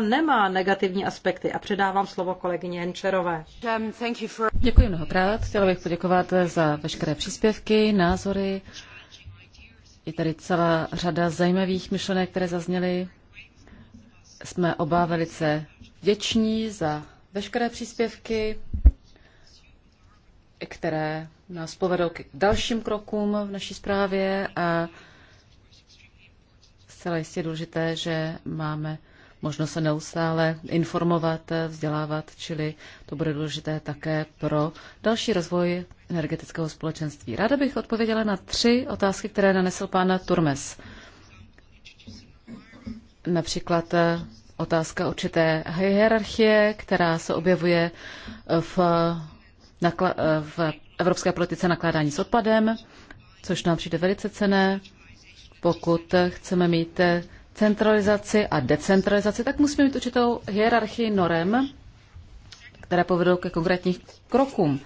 nemá negativní aspekty. A předávám slovo kolegyně Jenčerové. Um, Děkuji mnohokrát. Chtěla bych poděkovat za veškeré příspěvky, názory. Je tady celá řada zajímavých myšlenek, které zazněly. Jsme oba velice vděční za veškeré příspěvky, které nás povedou k dalším krokům v naší zprávě a zcela jistě je důležité, že máme možno se neustále informovat, vzdělávat, čili to bude důležité také pro další rozvoj energetického společenství. Ráda bych odpověděla na tři otázky, které nanesl pán Turmes. Například eh, otázka určité hierarchie, která se objevuje v, v evropské politice nakládání s odpadem, což nám přijde velice cené, pokud chceme mít eh, centralizaci a decentralizaci, tak musíme mít určitou hierarchii norem, které povedou ke konkrétním krokům.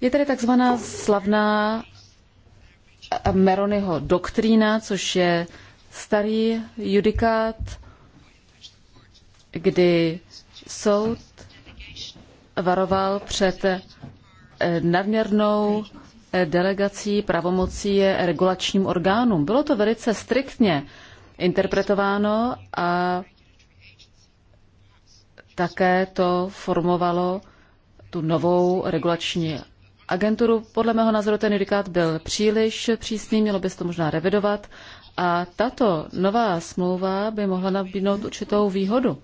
Je tady takzvaná slavná eh, Meronyho doktrína, což je starý judikát, kdy soud varoval před eh, nadměrnou eh, delegací pravomocí regulačním orgánům. Bylo to velice striktně interpretováno a také to formovalo tu novou regulační agenturu. Podle mého názoru ten judikát byl příliš přísný, mělo by se to možná revidovat a tato nová smlouva by mohla nabídnout určitou výhodu.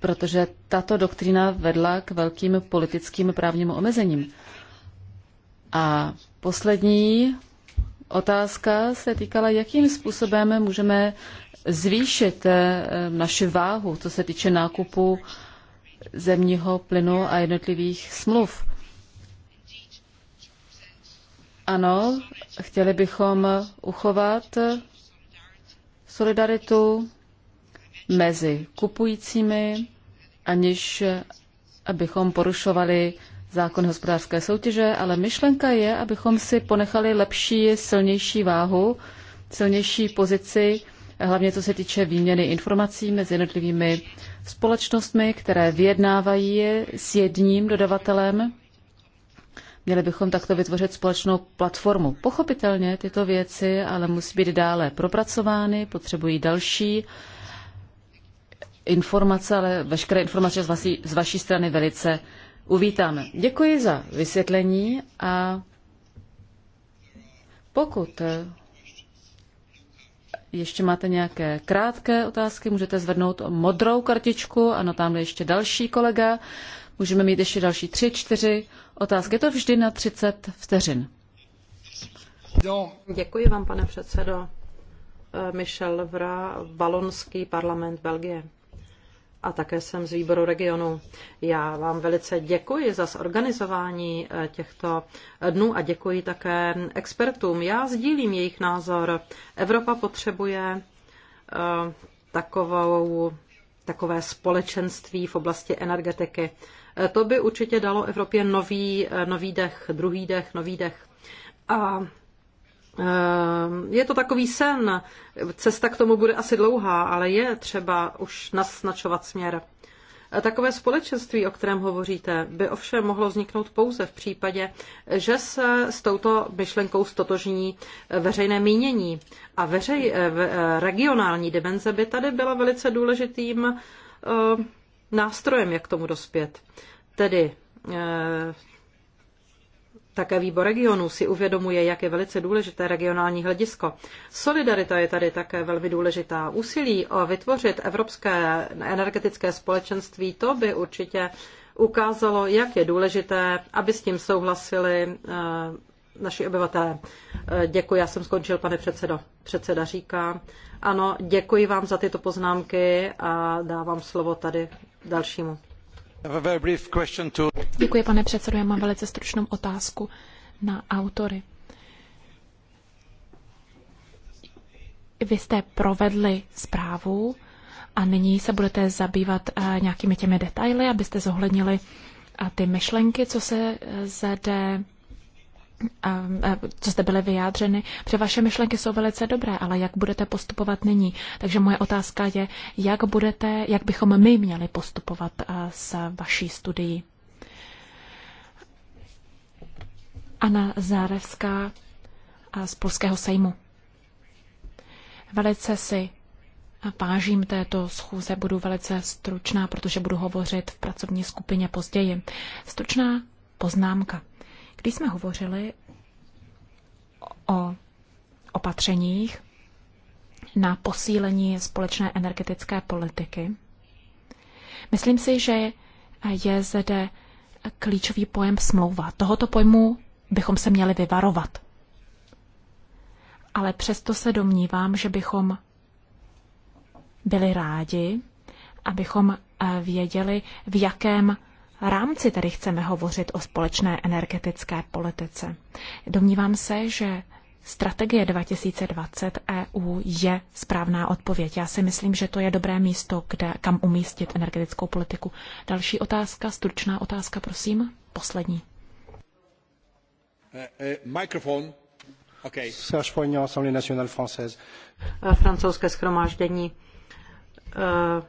protože tato doktrína vedla k velkým politickým právním omezením. A poslední otázka se týkala, jakým způsobem můžeme zvýšit eh, naši váhu, co se týče nákupu zemního plynu a jednotlivých smluv. Ano, chtěli bychom uchovat solidaritu mezi kupujícími, aniž abychom porušovali zákon hospodářské soutěže, ale myšlenka je, abychom si ponechali lepší, silnější váhu, silnější pozici, hlavně co se týče výměny informací mezi jednotlivými společnostmi, které vyjednávají s jedním dodavatelem. Měli bychom takto vytvořit společnou platformu. Pochopitelně tyto věci ale musí být dále propracovány, potřebují další informace, ale veškeré informace z vaší, z vaší strany velice uvítáme. Děkuji za vysvětlení a pokud eh, ještě máte nějaké krátké otázky, můžete zvednout modrou kartičku, ano, tamhle ještě další kolega. Můžeme mít ještě další tři, čtyři otázky. Je to vždy na 30 vteřin. Děkuji vám, pane předsedo. Eh, Michel Vra, Valonský parlament Belgie a také jsem z výboru regionu. Já vám velice děkuji za zorganizování eh, těchto dnů a děkuji také expertům. Já sdílím jejich názor. Evropa potřebuje eh, takovou, takové společenství v oblasti energetiky. Eh, to by určitě dalo Evropě nový, nový dech, druhý dech, nový dech. A Eh, je to takový sen. Cesta k tomu bude asi dlouhá, ale je třeba už naznačovat směr. Eh, takové společenství, o kterém hovoříte, by ovšem mohlo vzniknout pouze v případě, že se s touto myšlenkou stotožní eh, veřejné mínění. A veřej, regionální dimenze by tady byla velice důležitým nástrojem, jak tomu dospět. Tedy také výbor regionů si uvědomuje, jak je velice důležité regionální hledisko. Solidarita je tady také velmi důležitá. Úsilí o vytvořit evropské energetické společenství, to by určitě ukázalo, jak je důležité, aby s tím souhlasili eh, naši obyvatelé. Eh, děkuji, já jsem skončil, pane předsedo. Předseda říká, ano, děkuji vám za tyto poznámky a dávám slovo tady dalšímu. Děkuji, pane předsedo. Já mám velice stručnou otázku na autory. Vy jste provedli zprávu a nyní se budete zabývat eh, nějakými těmi detaily, abyste zohlednili eh, ty myšlenky, co se eh, zde co zde byly vyjádřeny, protože vaše myšlenky jsou velice dobré, ale jak budete postupovat nyní? Takže moje otázka je, jak budete, jak bychom my měli postupovat s vaší studií? Anna Zárevská z Polského sejmu. Velice si vážím této schůze, budu velice stručná, protože budu hovořit v pracovní skupině později. Stručná poznámka. Když jsme hovořili o opatřeních na posílení společné energetické politiky, myslím si, že je zde klíčový pojem smlouva. Tohoto pojmu bychom se měli vyvarovat. Ale přesto se domnívám, že bychom byli rádi, abychom eh, věděli, v jakém rámci tedy chceme hovořit o společné energetické politice. Domnívám se, že strategie 2020 EU je správná odpověď. Já si myslím, že to je dobré místo, kde, kam umístit energetickou politiku. Další otázka, stručná otázka, prosím, poslední. Eh, eh, mikrofon. Okay. française. Eh, francouzské schromáždění. Uh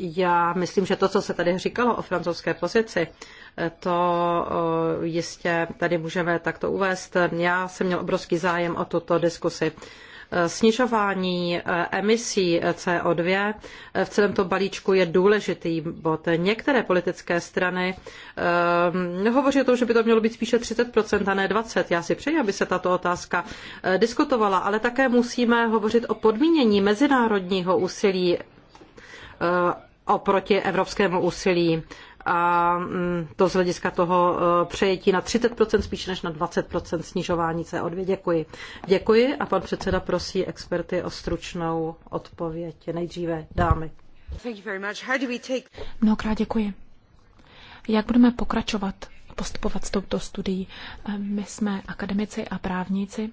já myslím, že to, co se tady říkalo o francouzské pozici, to eh, jistě tady můžeme takto uvést. Já jsem měl obrovský zájem o tuto diskusi. Eh, snižování eh, emisí CO2 v celém tom balíčku je důležitý bod. Některé politické strany hovoří o tom, že by to mělo být spíše 30% a ne 20%. Já si přeji, aby se tato otázka diskutovala, ale také musíme hovořit o podmínění mezinárodního úsilí oproti evropskému úsilí a mm, to z hlediska toho e, přejetí na 30% spíše než na 20% snižování CO2. Děkuji. Děkuji a pan předseda prosí experty o stručnou odpověď. Nejdříve dámy. Mnohokrát děkuji. Jak budeme pokračovat postupovat s touto studií? E, my jsme akademici a právníci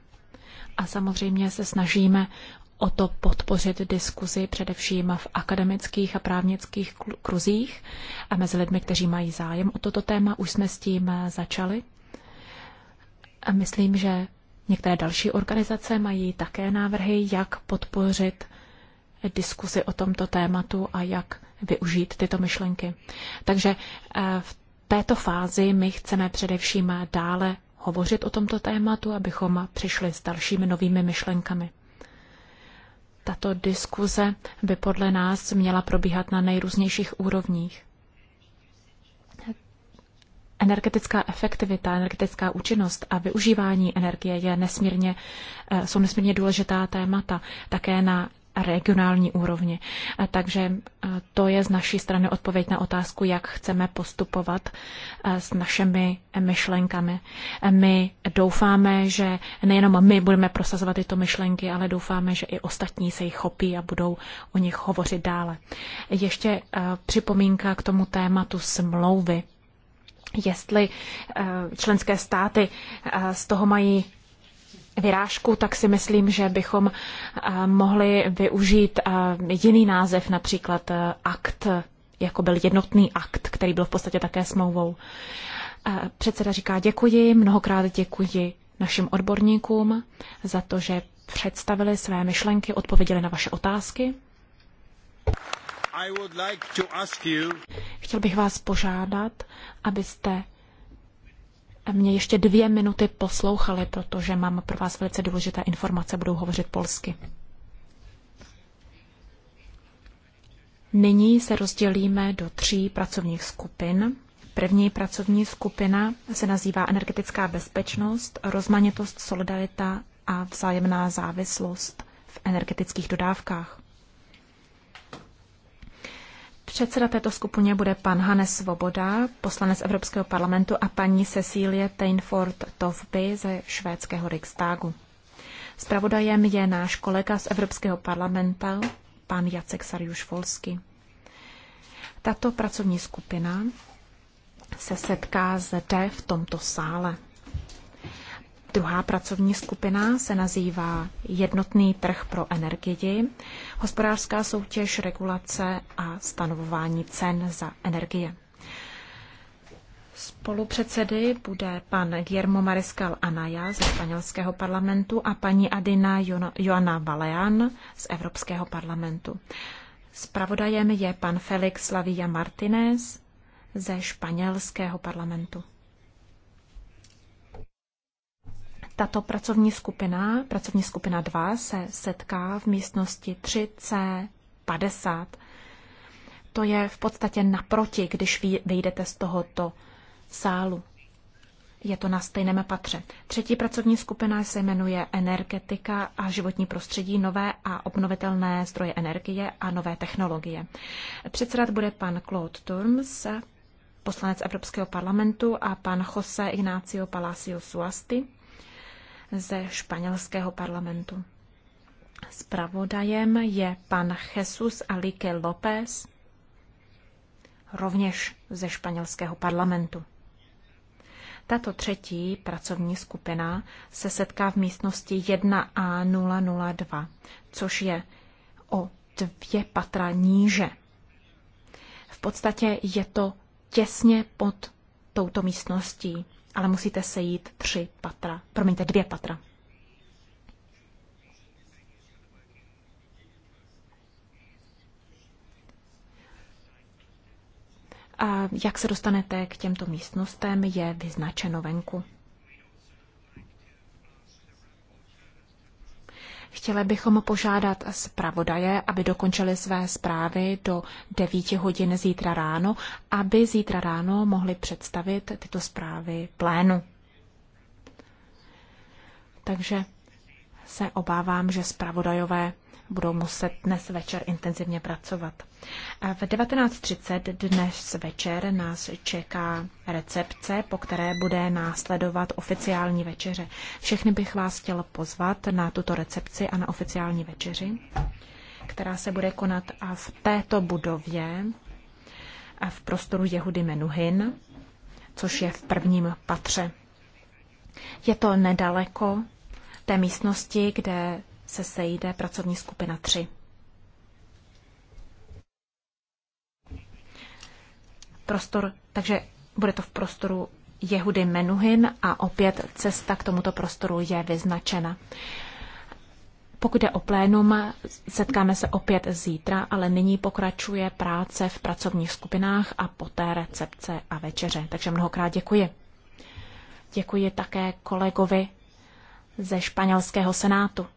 a samozřejmě se snažíme o to podpořit diskuzi především v akademických a právnických kruzích a mezi lidmi, kteří mají zájem o toto téma. Už jsme s tím eh, začali. A myslím, že některé další organizace mají také návrhy, jak podpořit diskuzi o tomto tématu a jak využít tyto myšlenky. Takže eh, v této fázi my chceme především dále hovořit o tomto tématu, abychom přišli s dalšími novými myšlenkami. Tato diskuze by podle nás měla probíhat na nejrůznějších úrovních. Energetická efektivita, energetická účinnost a využívání energie je nesmírně, eh, jsou nesmírně důležitá témata. Také na regionální úrovni. Takže e, to je z naší strany odpověď na otázku, jak chceme postupovat e, s našimi myšlenkami. E, my doufáme, že nejenom my budeme prosazovat tyto myšlenky, ale doufáme, že i ostatní se jich chopí a budou o nich hovořit dále. Ještě připomínka k tomu tématu smlouvy jestli členské státy z toho mají vyrážku, tak si myslím, že bychom eh, mohli využít eh, jiný název, například eh, akt, jako byl jednotný akt, který byl v podstatě také smlouvou. Předseda říká děkuji, mnohokrát děkuji našim odborníkům za to, že představili své myšlenky, odpověděli na vaše otázky. Chtěl bych vás požádat, abyste mě ještě dvě minuty poslouchali, protože mám pro vás velice důležité informace, budou hovořit polsky. Nyní se rozdělíme do tří pracovních skupin. První pracovní skupina se nazývá energetická bezpečnost, rozmanitost, solidarita a vzájemná závislost v energetických dodávkách. Předseda této skupině bude pan Hanes Svoboda, poslanec Evropského parlamentu a paní Cecílie Teinford Tovby ze švédského Riksdagu. Spravodajem je náš kolega z Evropského parlamenta, pan Jacek Sarjuš Volsky. Tato pracovní skupina se setká zde v tomto sále. Druhá pracovní skupina se nazývá Jednotný trh pro energii, hospodářská soutěž, regulace a stanovování cen za energie. Spolupředsedy bude pan Guillermo Mariscal Anaya ze španělského parlamentu a paní Adina Joana Balean z Evropského parlamentu. Spravodajem je pan Felix Slavia Martinez ze španělského parlamentu. Tato pracovní skupina, pracovní skupina 2, se setká v místnosti 3C50. To je v podstatě naproti, když vyjdete z tohoto sálu. Je to na stejném patře. Třetí pracovní skupina se jmenuje Energetika a životní prostředí, nové a obnovitelné zdroje energie a nové technologie. Předsedat bude pan Claude Turms, poslanec Evropského parlamentu a pan Jose Ignacio Palacio Suasti, ze španělského parlamentu. Spravodajem je pan Jesus Alique López, rovněž ze španělského parlamentu. Tato třetí pracovní skupina se setká v místnosti 1A002, což je o dvě patra níže. V podstatě je to těsně pod touto místností ale musíte se jít tři patra, promiňte, dvě patra. A jak se dostanete k těmto místnostem, je vyznačeno venku. Chtěli bychom požádat zpravodaje, aby dokončili své zprávy do 9 hodin zítra ráno, aby zítra ráno mohli představit tyto zprávy plénu. Takže se obávám, že zpravodajové budou muset dnes večer intenzivně pracovat. V 19.30 dnes večer nás čeká recepce, po které bude následovat oficiální večeře. Všechny bych vás chtěl pozvat na tuto recepci a na oficiální večeři, která se bude konat a v této budově a v prostoru Jehudy Menuhin, což je v prvním patře. Je to nedaleko té místnosti, kde se sejde pracovní skupina 3. Prostor, takže bude to v prostoru Jehudy Menuhin a opět cesta k tomuto prostoru je vyznačena. Pokud jde o plénum, setkáme se opět zítra, ale nyní pokračuje práce v pracovních skupinách a poté recepce a večeře. Takže mnohokrát děkuji. Děkuji také kolegovi ze španělského senátu.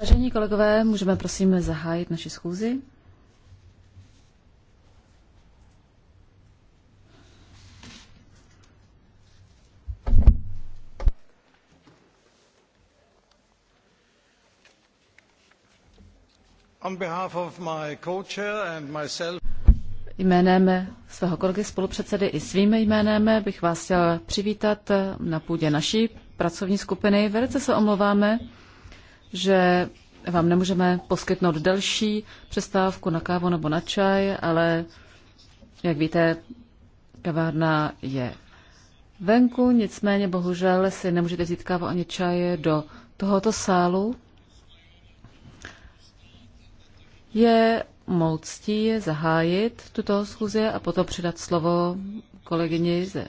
Vážení kolegové, můžeme prosím zahájit naši schůzi? On behalf of my co-chair and myself, jménem svého kolegy spolupředsedy i svým jménem bych vás chtěl přivítat na půdě naší pracovní skupiny. Velice se omlouváme, že vám nemůžeme poskytnout delší přestávku na kávu nebo na čaj, ale jak víte, kavárna je venku, nicméně bohužel si nemůžete vzít kávu ani čaje do tohoto sálu. Je mou ctí zahájit tuto schůzi a potom přidat slovo kolegyni ze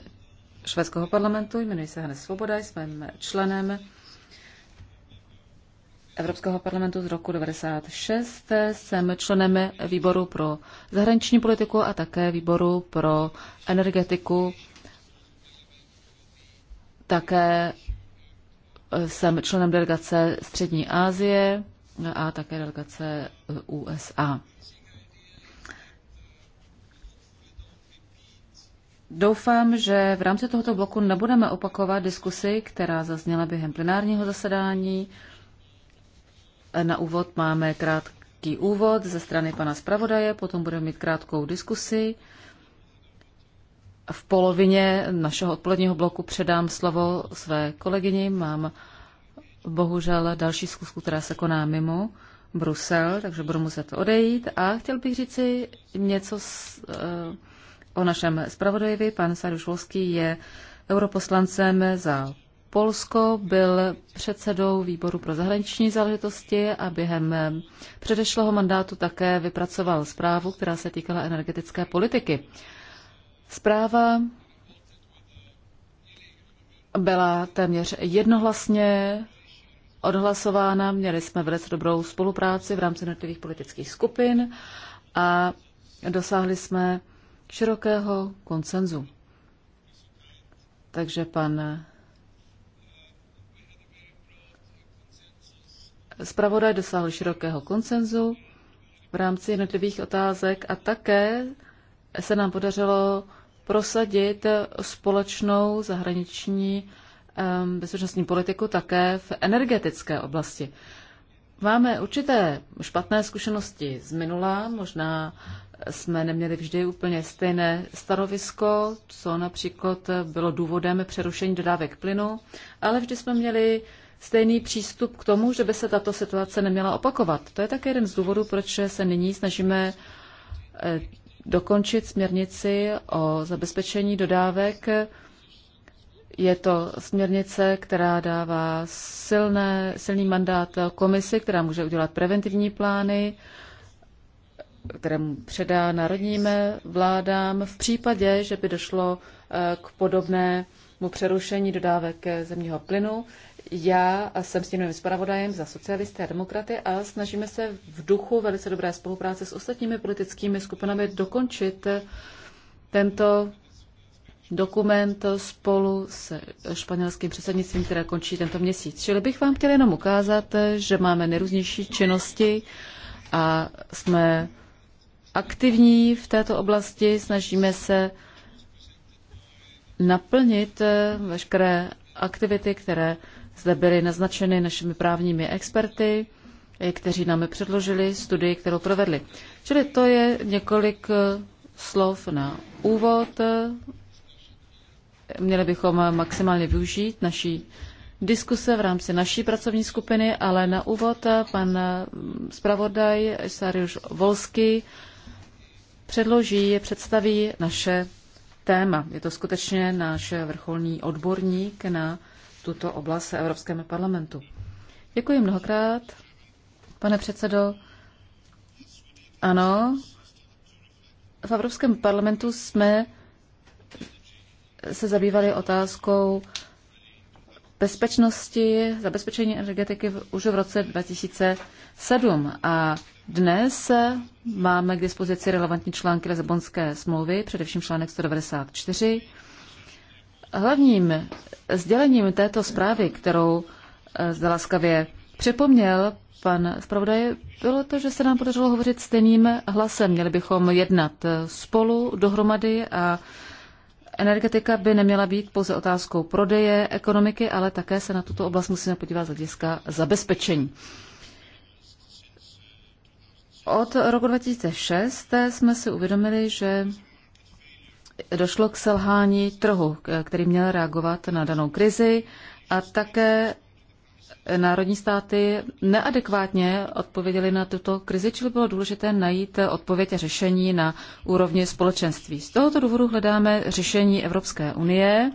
švédského parlamentu, jmenuji se Hannes Svoboda, jsem členem Evropského parlamentu z roku 1996. Jsem členem výboru pro zahraniční politiku a také výboru pro energetiku. Také eh, jsem členem delegace Střední Asie a také delegace USA. Doufám, že v rámci tohoto bloku nebudeme opakovat diskusy, která zazněla během plenárního zasedání. Na úvod máme krátký úvod ze strany pana zpravodaje, potom budeme mít krátkou diskusi. V polovině našeho odpoledního bloku předám slovo své kolegyni. Mám bohužel další zkusku, která se koná mimo Brusel, takže budu muset odejít. A chtěl bych říci něco s, eh, o našem zpravodajovi. Pan Saruš Volský je europoslancem za Polsko, byl předsedou výboru pro zahraniční záležitosti a během předešlého mandátu také vypracoval zprávu, která se týkala energetické politiky. Zpráva byla téměř jednohlasně odhlasována, měli jsme velice dobrou spolupráci v rámci jednotlivých politických skupin a dosáhli jsme širokého koncenzu. Takže pan zpravodaj dosáhl širokého koncenzu v rámci jednotlivých otázek a také se nám podařilo prosadit společnou zahraniční bezpečnostní politiku také v energetické oblasti. Máme určité špatné zkušenosti z minula, možná jsme neměli vždy úplně stejné stanovisko, co například bylo důvodem přerušení dodávek plynu, ale vždy jsme měli stejný přístup k tomu, že by se tato situace neměla opakovat. To je také jeden z důvodů, proč se nyní snažíme eh, dokončit směrnici o zabezpečení dodávek. Je to směrnice, která dává silné, silný mandát komisi, která může udělat preventivní plány, kterému předá národním vládám v případě, že by došlo eh, k podobnému přerušení dodávek eh, zemního plynu. Já jsem tím zpravodajem za socialisty a demokraty a snažíme se v duchu velice dobré spolupráce s ostatními politickými skupinami dokončit eh, tento dokument spolu s španělským předsednictvím, které končí tento měsíc. Čili bych vám chtěl jenom ukázat, že máme nejrůznější činnosti a jsme aktivní v této oblasti, snažíme se naplnit eh, veškeré aktivity, které zde byly naznačeny našimi právními experty, eh, kteří nám předložili studii, kterou provedli. Čili to je několik eh, slov na úvod. Měli bychom maximálně využít naší diskuse v rámci naší pracovní skupiny, ale na úvod pan zpravodaj Sariusz Volský předloží, představí naše téma. Je to skutečně náš vrcholný odborník na tuto oblast v Evropském parlamentu. Děkuji mnohokrát, pane předsedo. Ano, v Evropském parlamentu jsme se zabývali otázkou bezpečnosti, zabezpečení energetiky už v roce 2007 a dnes máme k dispozici relevantní články Lisabonské smlouvy, především článek 194. Hlavním sdělením této zprávy, kterou eh, zde laskavě připomněl pan zpravodaj, bylo to, že se nám podařilo hovořit stejným hlasem. Měli bychom jednat eh, spolu, dohromady a energetika by neměla být pouze otázkou prodeje ekonomiky, ale také se na tuto oblast musíme podívat z hlediska zabezpečení. Od roku 2006 jsme si uvědomili, že došlo k selhání trhu, který měl reagovat na danou krizi a také národní státy neadekvátně odpověděly na tuto krizi, čili bylo důležité najít odpověď a řešení na úrovni společenství. Z tohoto důvodu hledáme řešení Evropské unie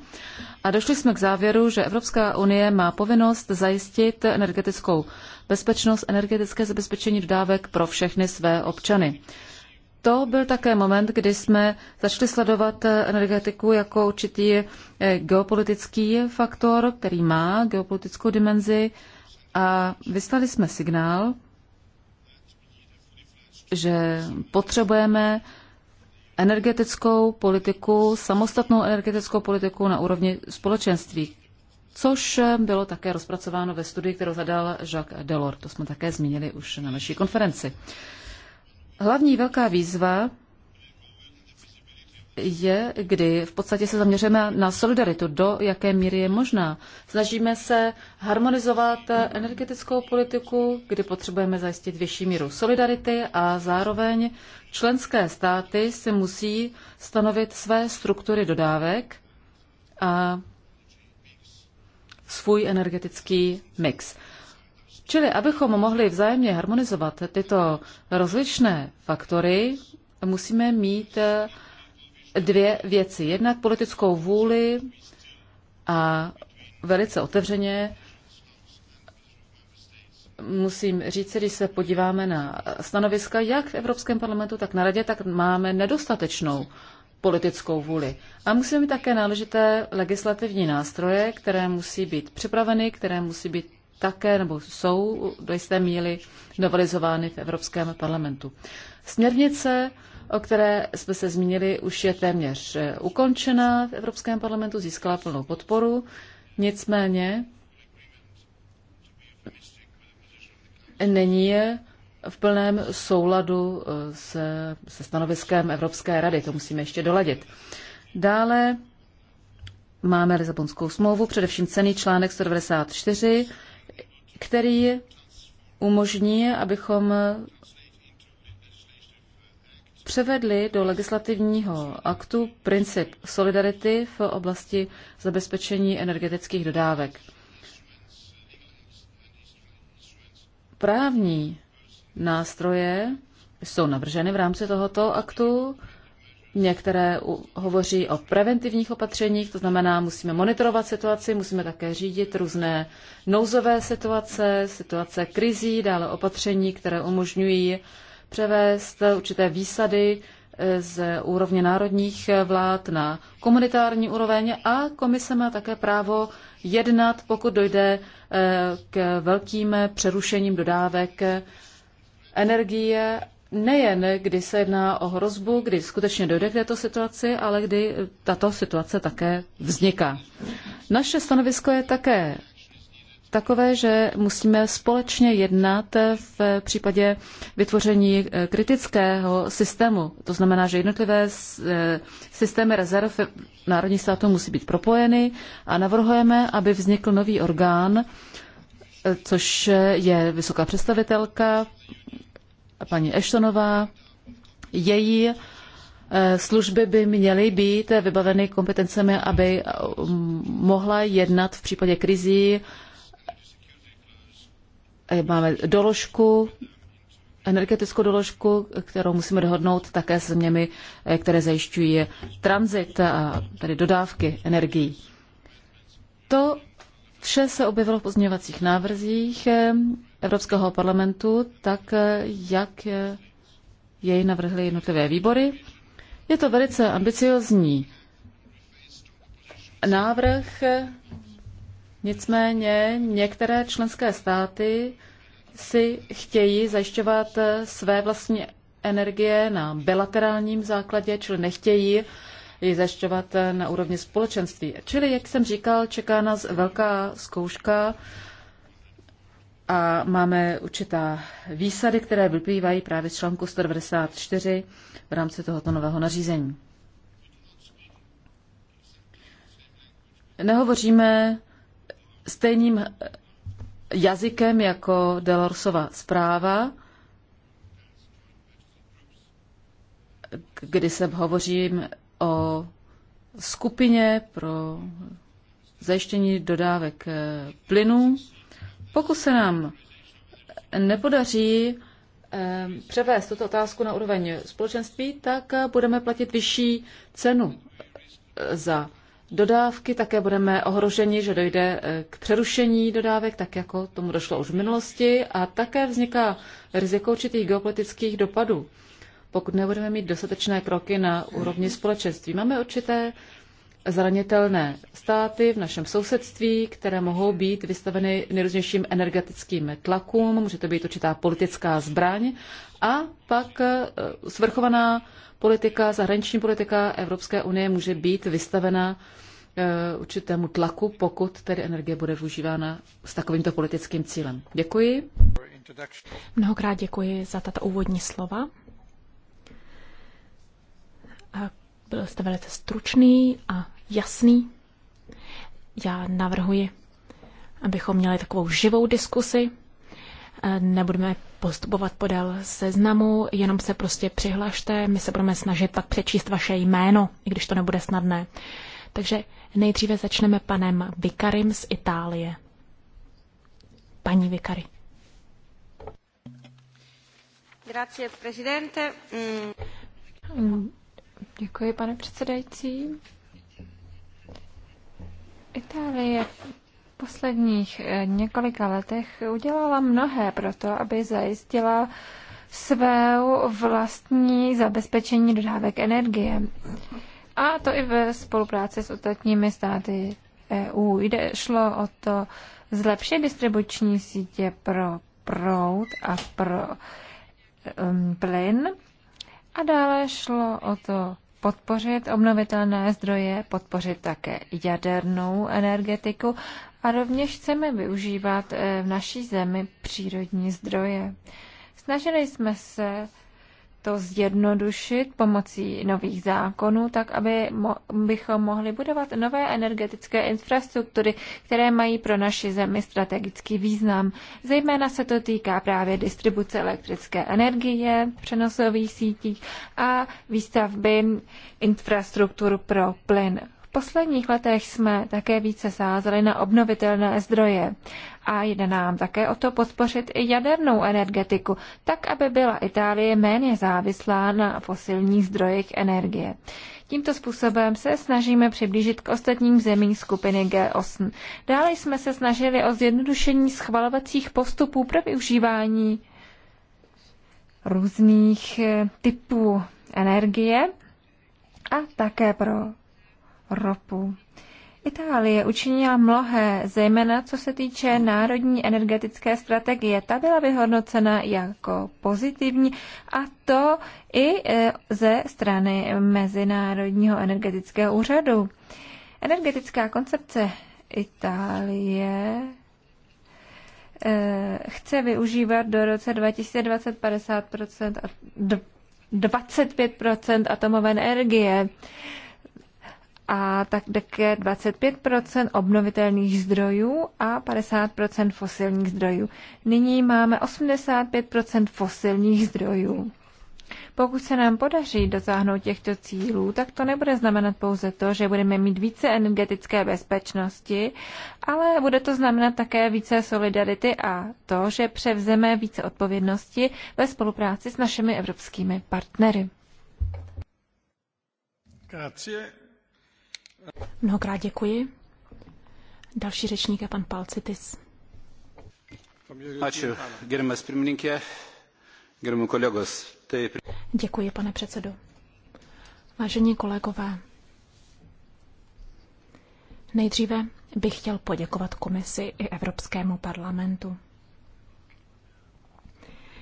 a došli jsme k závěru, že Evropská unie má povinnost zajistit energetickou bezpečnost, energetické zabezpečení dodávek pro všechny své občany. To byl také moment, kdy jsme začali sledovat energetiku jako určitý eh, geopolitický faktor, který má geopolitickou dimenzi a vyslali jsme signál, že potřebujeme energetickou politiku, samostatnou energetickou politiku na úrovni společenství, což bylo také rozpracováno ve studii, kterou zadal Jacques Delors. To jsme také zmínili už na naší konferenci. Hlavní velká výzva je, kdy v podstatě se zaměřujeme na solidaritu, do jaké míry je možná. Snažíme se harmonizovat energetickou politiku, kdy potřebujeme zajistit vyšší míru solidarity a zároveň členské státy si musí stanovit své struktury dodávek a svůj energetický mix. Čili abychom mohli vzájemně harmonizovat tyto rozličné faktory, musíme mít eh, dvě věci. Jednak politickou vůli a velice otevřeně musím říct, když se podíváme na stanoviska jak v Evropském parlamentu, tak na radě, tak máme nedostatečnou politickou vůli. A musíme mít také náležité legislativní nástroje, které musí být připraveny, které musí být také nebo jsou do jisté míry novelizovány v Evropském parlamentu. Směrnice, o které jsme se zmínili, už je téměř eh, ukončena v Evropském parlamentu, získala plnou podporu. Nicméně není je v plném souladu eh, se, se stanoviskem Evropské rady. To musíme ještě doladit. Dále máme Lisabonskou smlouvu, především cený článek 194, který umožní, abychom převedli do legislativního aktu princip solidarity v oblasti zabezpečení energetických dodávek. Právní nástroje jsou navrženy v rámci tohoto aktu. Některé hovoří o preventivních opatřeních, to znamená, musíme monitorovat situaci, musíme také řídit různé nouzové situace, situace krizí, dále opatření, které umožňují převést určité výsady e, z úrovně národních vlád na komunitární úroveň a komise má také právo jednat, pokud dojde e, k velkým přerušením dodávek energie nejen, kdy se jedná o hrozbu, kdy skutečně dojde k této situaci, ale kdy tato situace také vzniká. Naše stanovisko je také takové, že musíme společně jednat v případě vytvoření eh, kritického systému. To znamená, že jednotlivé eh, systémy rezerv národních států musí být propojeny a navrhujeme, aby vznikl nový orgán, eh, což je vysoká představitelka, paní Eštonová. Její eh, služby by měly být vybaveny kompetencemi, aby eh, mohla jednat v případě krizí. Eh, máme doložku, energetickou doložku, kterou musíme dohodnout také s zeměmi, které zajišťují tranzit a tedy dodávky energií. To vše se objevilo v pozměňovacích návrzích. Evropského parlamentu, tak eh, jak eh, jej navrhly jednotlivé výbory. Je to velice ambiciozní návrh, nicméně některé členské státy si chtějí zajišťovat eh, své vlastní energie na bilaterálním základě, čili nechtějí ji zajišťovat na úrovni společenství. Čili, jak jsem říkal, čeká nás velká zkouška a máme určitá výsady, které vyplývají právě z článku 194 v rámci tohoto nového nařízení. Nehovoříme stejným jazykem jako Delorsova zpráva, kdy se hovořím o skupině pro zajištění dodávek plynů. Pokud se nám nepodaří eh, převést tuto otázku na úroveň společenství, tak eh, budeme platit vyšší cenu eh, za dodávky, také budeme ohroženi, že dojde k přerušení dodávek, tak jako tomu došlo už v minulosti, a také vzniká riziko určitých geopolitických dopadů, pokud nebudeme mít dostatečné kroky na úrovni společenství. Máme určité zranitelné státy v našem sousedství, které mohou být vystaveny nejrůznějším energetickým tlakům, může to být určitá politická zbraň a pak eh, svrchovaná politika, zahraniční politika Evropské unie může být vystavena eh, určitému tlaku, pokud tedy energie bude využívána s takovýmto politickým cílem. Děkuji. Mnohokrát děkuji za tato úvodní slova. Eh, byl jste velice stručný a jasný. Já navrhuji, abychom měli takovou živou diskusi. Eh, nebudeme postupovat podél seznamu, jenom se prostě přihlašte. My se budeme snažit pak přečíst vaše jméno, i když to nebude snadné. Takže nejdříve začneme panem Vikarim z Itálie. Paní Vikary. Grazie, presidente. Mm. mm Děkuji, pane předsedající. Itálie v posledních eh, několika letech udělala mnohé pro to, aby zajistila své vlastní zabezpečení dodávek energie. A to i ve spolupráci s ostatními státy EU. Jde, šlo o to zlepšit distribuční sítě pro proud a pro um, plyn. A dále šlo o to podpořit obnovitelné zdroje, podpořit také jadernou energetiku a rovněž chceme využívat eh, v naší zemi přírodní zdroje. Snažili jsme se to zjednodušit pomocí nových zákonů, tak aby mo- bychom mohli budovat nové energetické infrastruktury, které mají pro naši zemi strategický význam. Zejména se to týká právě distribuce elektrické energie přenosových sítích a výstavby infrastruktur pro plyn posledních letech jsme také více sázeli na obnovitelné zdroje a jde nám také o to podpořit i jadernou energetiku, tak aby byla Itálie méně závislá na fosilních zdrojech energie. Tímto způsobem se snažíme přiblížit k ostatním zemím skupiny G8. Dále jsme se snažili o zjednodušení schvalovacích postupů pro využívání různých eh, typů energie a také pro ropu. Itálie učinila mnohé, zejména co se týče národní energetické strategie. Ta byla vyhodnocena jako pozitivní a to i e, ze strany Mezinárodního energetického úřadu. Energetická koncepce Itálie e, chce využívat do roce 2020 50 a 25 atomové energie a tak také 25 obnovitelných zdrojů a 50 fosilních zdrojů. Nyní máme 85 fosilních zdrojů. Pokud se nám podaří dosáhnout těchto cílů, tak to nebude znamenat pouze to, že budeme mít více energetické bezpečnosti, ale bude to znamenat také více solidarity a to, že převzeme více odpovědnosti ve spolupráci s našimi evropskými partnery. Grazie. Mnohokrát děkuji. Další řečník je pan Palcitis. Děkuji, pane předsedo. Vážení kolegové, nejdříve bych chtěl poděkovat komisi i Evropskému parlamentu.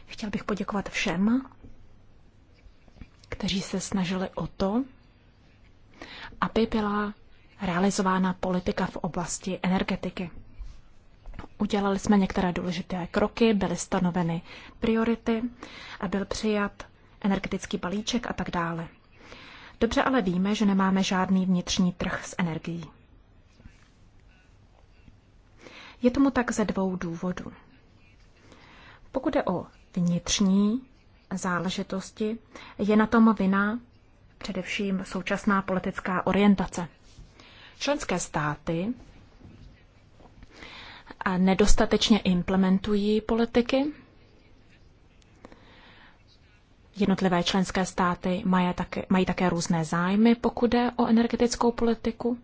Chtěl bych poděkovat všem, kteří se snažili o to, aby byla realizována politika v oblasti energetiky. Udělali jsme některé důležité kroky, byly stanoveny priority a byl přijat energetický balíček a tak dále. Dobře ale víme, že nemáme žádný vnitřní trh s energií. Je tomu tak ze dvou důvodů. Pokud je o vnitřní záležitosti, je na tom vina především současná politická orientace. Členské státy nedostatečně implementují politiky. Jednotlivé členské státy mají také, mají také různé zájmy, pokud jde o energetickou politiku.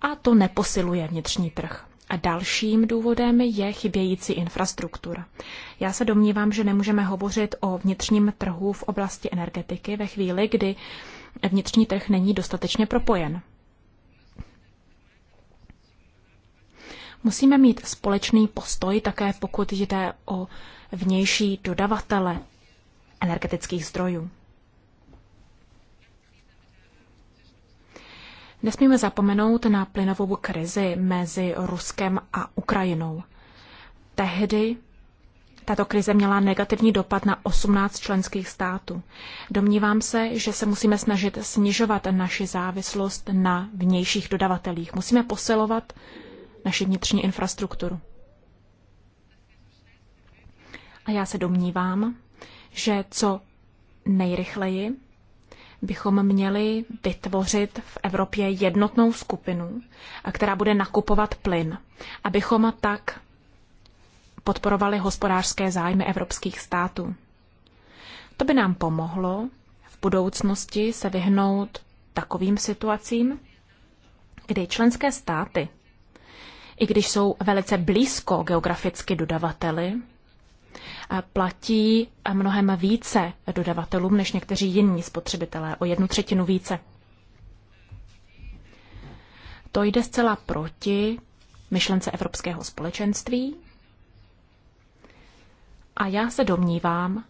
A to neposiluje vnitřní trh. A dalším důvodem je chybějící infrastruktura. Já se domnívám, že nemůžeme hovořit o vnitřním trhu v oblasti energetiky ve chvíli, kdy vnitřní trh není dostatečně propojen. Musíme mít společný postoj také, pokud jde o vnější dodavatele energetických zdrojů. Nesmíme zapomenout na plynovou krizi mezi Ruskem a Ukrajinou. Tehdy tato krize měla negativní dopad na 18 členských států. Domnívám se, že se musíme snažit snižovat naši závislost na vnějších dodavatelích. Musíme posilovat naši vnitřní infrastrukturu. A já se domnívám, že co nejrychleji bychom měli vytvořit v Evropě jednotnou skupinu, která bude nakupovat plyn, abychom tak podporovali hospodářské zájmy evropských států. To by nám pomohlo v budoucnosti se vyhnout takovým situacím, kdy členské státy, i když jsou velice blízko geograficky dodavateli, platí mnohem více dodavatelům než někteří jiní spotřebitelé, o jednu třetinu více. To jde zcela proti myšlence Evropského společenství a já se domnívám,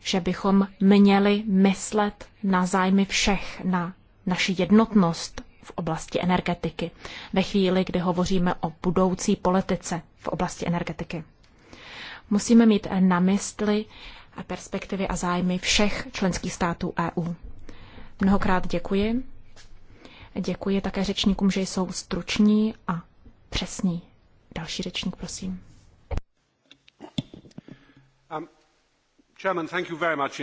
že bychom měli myslet na zájmy všech, na naši jednotnost v oblasti energetiky, ve chvíli, kdy hovoříme o budoucí politice v oblasti energetiky musíme mít na mysli perspektivy a zájmy všech členských států EU. Mnohokrát děkuji. Děkuji také řečníkům, že jsou struční a přesní. Další řečník, prosím. Um, chairman, thank you very much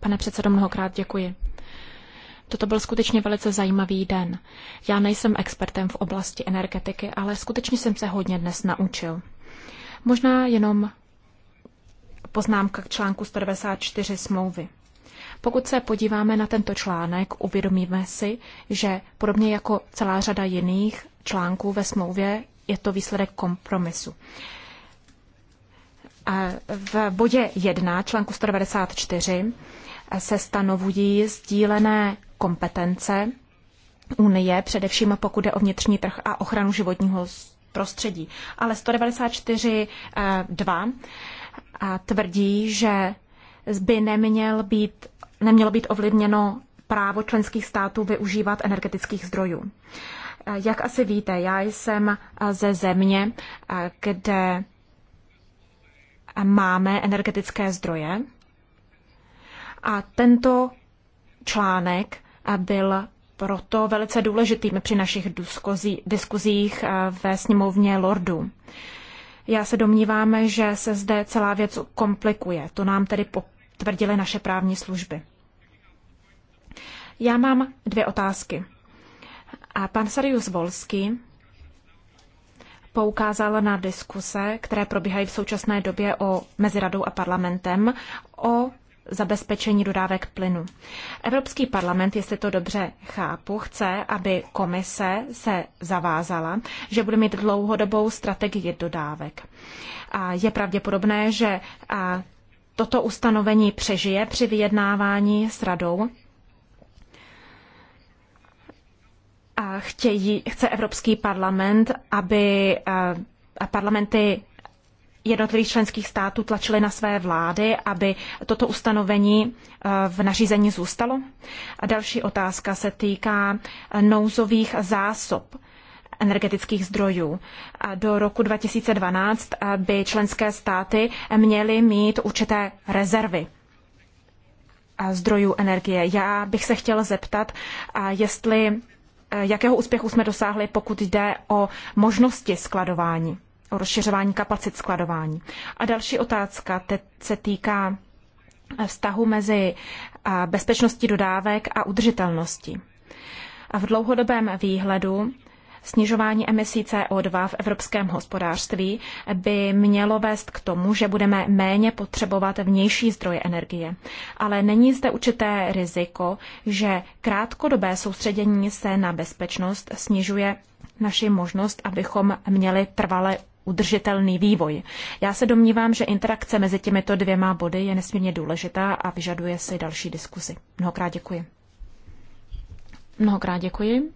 Pane předsedo, mnohokrát děkuji. Toto byl skutečně velice zajímavý den. Já nejsem expertem v oblasti energetiky, ale skutečně jsem se hodně dnes naučil. Možná jenom poznámka k článku 194 smlouvy. Pokud se podíváme na tento článek, uvědomíme si, že podobně jako celá řada jiných článků ve smlouvě je to výsledek kompromisu. V bodě 1 článku 194 se stanovují sdílené kompetence Unie, především pokud je o vnitřní trh a ochranu životního prostředí. Ale 194.2 tvrdí, že by neměl být, nemělo být ovlivněno právo členských států využívat energetických zdrojů. Jak asi víte, já jsem ze země, kde máme energetické zdroje a tento článek byl proto velice důležitým při našich diskuzích ve sněmovně Lordů. Já se domníváme, že se zde celá věc komplikuje. To nám tedy potvrdily naše právní služby. Já mám dvě otázky. A pan Sarius Volský poukázal na diskuse, které probíhají v současné době o mezi radou a parlamentem o zabezpečení dodávek plynu. Evropský parlament, jestli to dobře chápu, chce, aby komise se zavázala, že bude mít dlouhodobou strategii dodávek. A je pravděpodobné, že a toto ustanovení přežije při vyjednávání s radou. A chtějí, chce Evropský parlament, aby a parlamenty jednotlivých členských států tlačili na své vlády, aby toto ustanovení eh, v nařízení zůstalo? A další otázka se týká eh, nouzových zásob energetických zdrojů. Do roku 2012 eh, by členské státy měly mít určité rezervy zdrojů energie. Já bych se chtěla zeptat, jestli, jakého úspěchu jsme dosáhli, pokud jde o možnosti skladování rozšiřování kapacit skladování. A další otázka te, se týká eh, vztahu mezi eh, bezpečností dodávek a udržitelností. A v dlouhodobém výhledu snižování emisí CO2 v evropském hospodářství by mělo vést k tomu, že budeme méně potřebovat vnější zdroje energie. Ale není zde určité riziko, že krátkodobé soustředění se na bezpečnost snižuje naši možnost, abychom měli trvale udržitelný vývoj. Já se domnívám, že interakce mezi těmito dvěma body je nesmírně důležitá a vyžaduje si další diskuzi. Mnohokrát děkuji. Mnohokrát děkuji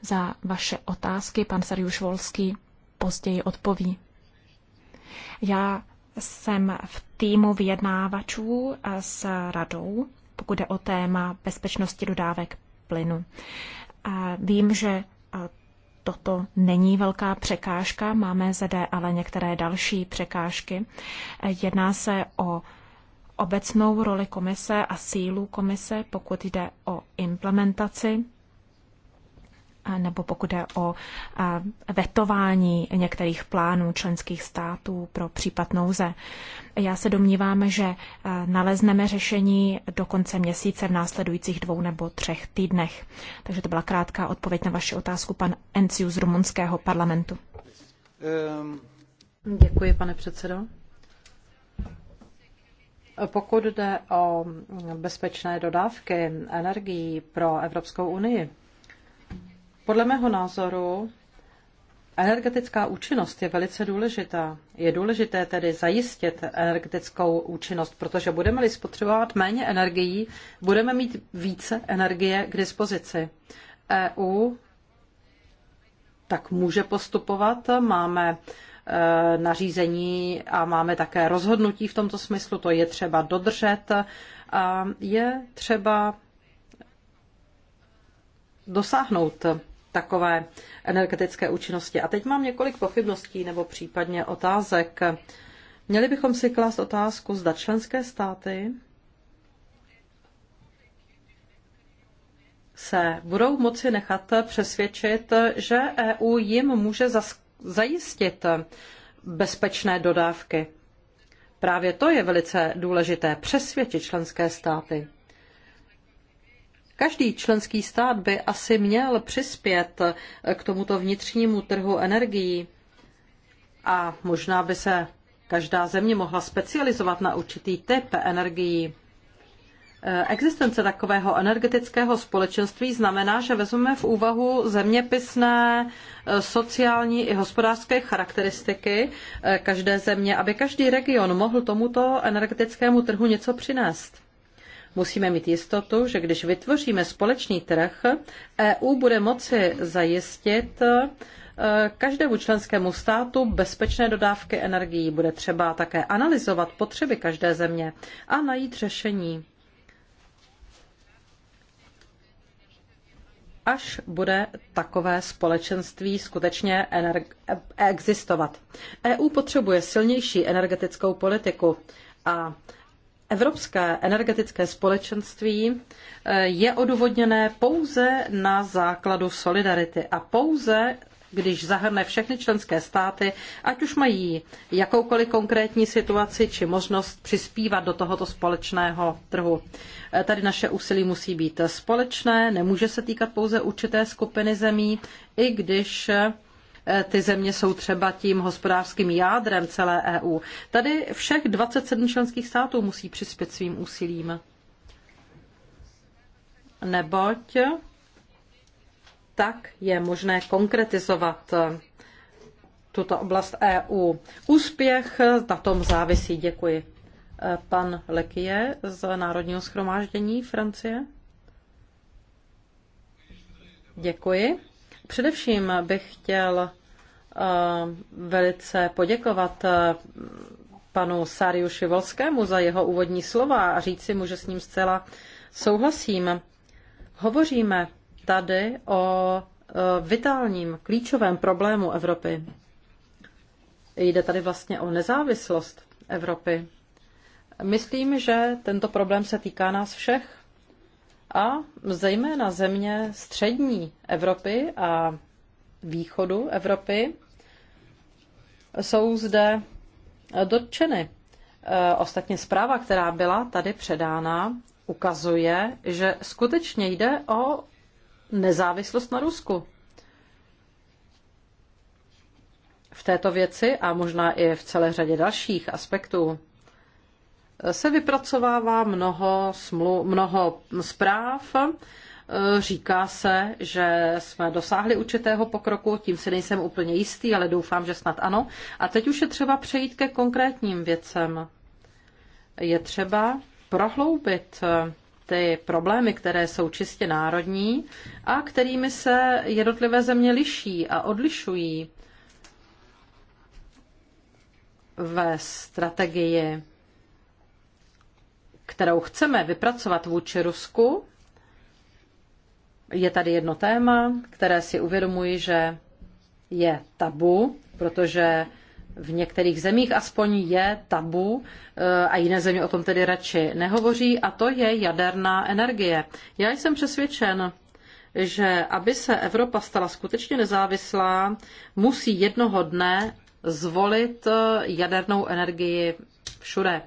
za vaše otázky. Pan Sarjuš Volský později odpoví. Já jsem v týmu vyjednávačů s radou, pokud jde o téma bezpečnosti dodávek plynu. Vím, že toto není velká překážka, máme zde ale některé další překážky. Jedná se o obecnou roli komise a sílu komise, pokud jde o implementaci nebo pokud je o vetování některých plánů členských států pro případ nouze. Já se domnívám, že nalezneme řešení do konce měsíce v následujících dvou nebo třech týdnech. Takže to byla krátká odpověď na vaši otázku, pan Enciu z rumunského parlamentu. Ehm, děkuji, pane předsedo. Pokud jde o bezpečné dodávky energií pro Evropskou unii, podle mého názoru energetická účinnost je velice důležitá. Je důležité tedy zajistit energetickou účinnost, protože budeme-li spotřebovat méně energií, budeme mít více energie k dispozici. EU tak může postupovat. Máme e, nařízení a máme také rozhodnutí v tomto smyslu, to je třeba dodržet a je třeba dosáhnout takové energetické účinnosti. A teď mám několik pochybností nebo případně otázek. Měli bychom si klást otázku, zda členské státy se budou moci nechat přesvědčit, že EU jim může zajistit bezpečné dodávky. Právě to je velice důležité přesvědčit členské státy. Každý členský stát by asi měl přispět k tomuto vnitřnímu trhu energií a možná by se každá země mohla specializovat na určitý typ energií. Existence takového energetického společenství znamená, že vezmeme v úvahu zeměpisné, sociální i hospodářské charakteristiky každé země, aby každý region mohl tomuto energetickému trhu něco přinést. Musíme mít jistotu, že když vytvoříme společný trh, EU bude moci zajistit e, každému členskému státu bezpečné dodávky energií. Bude třeba také analyzovat potřeby každé země a najít řešení. až bude takové společenství skutečně e- existovat. EU potřebuje silnější energetickou politiku a Evropské energetické společenství eh, je odůvodněné pouze na základu solidarity a pouze když zahrne všechny členské státy, ať už mají jakoukoliv konkrétní situaci či možnost přispívat do tohoto společného trhu. Eh, tady naše úsilí musí být společné, nemůže se týkat pouze určité skupiny zemí, i když eh, Eh, ty země jsou třeba tím hospodářským jádrem celé EU. Tady všech 27 členských států musí přispět svým úsilím. Neboť tak je možné konkretizovat eh, tuto oblast EU. Úspěch eh, na tom závisí. Děkuji. Pan Lekie z Národního schromáždění Francie. Děkuji. Především bych chtěl eh, velice poděkovat eh, panu Sáriu Šivolskému za jeho úvodní slova a říci mu, že s ním zcela souhlasím. Hovoříme tady o eh, vitálním, klíčovém problému Evropy. Jde tady vlastně o nezávislost Evropy. Myslím, že tento problém se týká nás všech a zejména země střední Evropy a východu Evropy jsou zde dotčeny. E, ostatně zpráva, která byla tady předána, ukazuje, že skutečně jde o nezávislost na Rusku. V této věci a možná i v celé řadě dalších aspektů se vypracovává mnoho, smlu, mnoho zpráv, e, Říká se, že jsme dosáhli určitého pokroku, tím si nejsem úplně jistý, ale doufám, že snad ano. A teď už je třeba přejít ke konkrétním věcem. Je třeba prohloubit e, ty problémy, které jsou čistě národní a kterými se jednotlivé země liší a odlišují ve strategii kterou chceme vypracovat vůči Rusku, je tady jedno téma, které si uvědomuji, že je tabu, protože v některých zemích aspoň je tabu eh, a jiné země o tom tedy radši nehovoří a to je jaderná energie. Já jsem přesvědčen, že aby se Evropa stala skutečně nezávislá, musí jednoho dne zvolit eh, jadernou energii všude.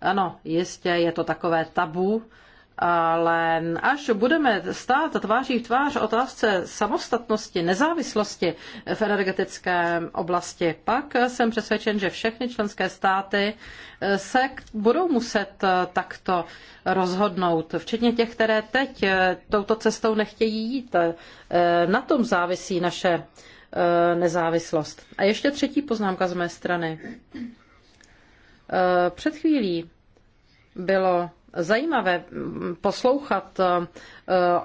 Ano, jistě je to takové tabu, ale až budeme stát tváří v tvář otázce samostatnosti, nezávislosti v energetické oblasti, pak jsem přesvědčen, že všechny členské státy se budou muset takto rozhodnout, včetně těch, které teď touto cestou nechtějí jít. Na tom závisí naše nezávislost. A ještě třetí poznámka z mé strany. Eh, před chvílí bylo zajímavé mm, poslouchat eh,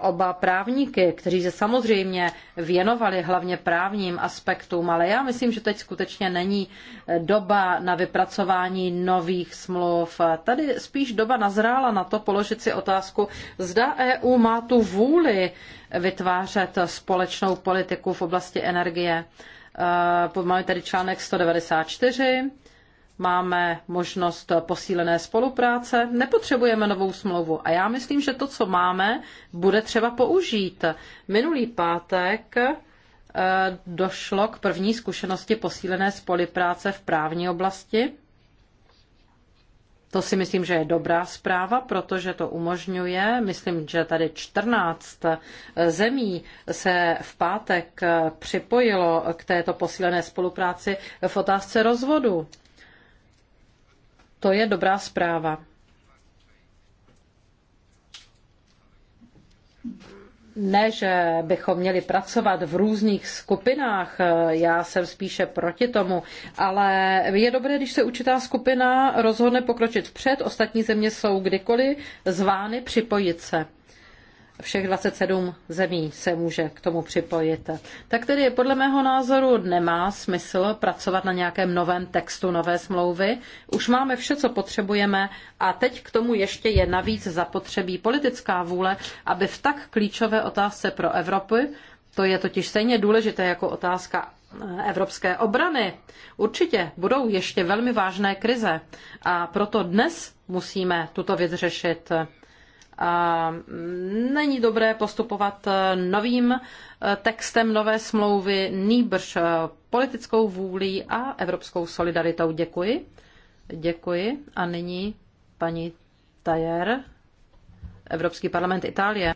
oba právníky, kteří se samozřejmě věnovali hlavně právním aspektům, ale já myslím, že teď skutečně není eh, doba na vypracování nových smluv. Tady spíš doba nazrála na to položit si otázku, zda EU má tu vůli vytvářet společnou politiku v oblasti energie. Máme tady článek 194 máme možnost posílené spolupráce, nepotřebujeme novou smlouvu. A já myslím, že to, co máme, bude třeba použít. Minulý pátek eh, došlo k první zkušenosti posílené spolupráce v právní oblasti. To si myslím, že je dobrá zpráva, protože to umožňuje, myslím, že tady 14 eh, zemí se v pátek eh, připojilo k této posílené spolupráci v otázce rozvodu. To je dobrá zpráva. Ne, že bychom měli pracovat v různých skupinách, já jsem spíše proti tomu, ale je dobré, když se určitá skupina rozhodne pokročit vpřed, ostatní země jsou kdykoliv zvány připojit se všech 27 zemí se může k tomu připojit. Tak tedy podle mého názoru nemá smysl pracovat na nějakém novém textu nové smlouvy. Už máme vše, co potřebujeme a teď k tomu ještě je navíc zapotřebí politická vůle, aby v tak klíčové otázce pro Evropu, to je totiž stejně důležité jako otázka eh, evropské obrany. Určitě budou ještě velmi vážné krize a proto dnes musíme tuto věc řešit. Mm, není dobré postupovat e, novým e, textem nové smlouvy, nýbrž e, politickou vůlí a evropskou solidaritou. Děkuji. Děkuji. A nyní paní Tajer, Evropský parlament Itálie.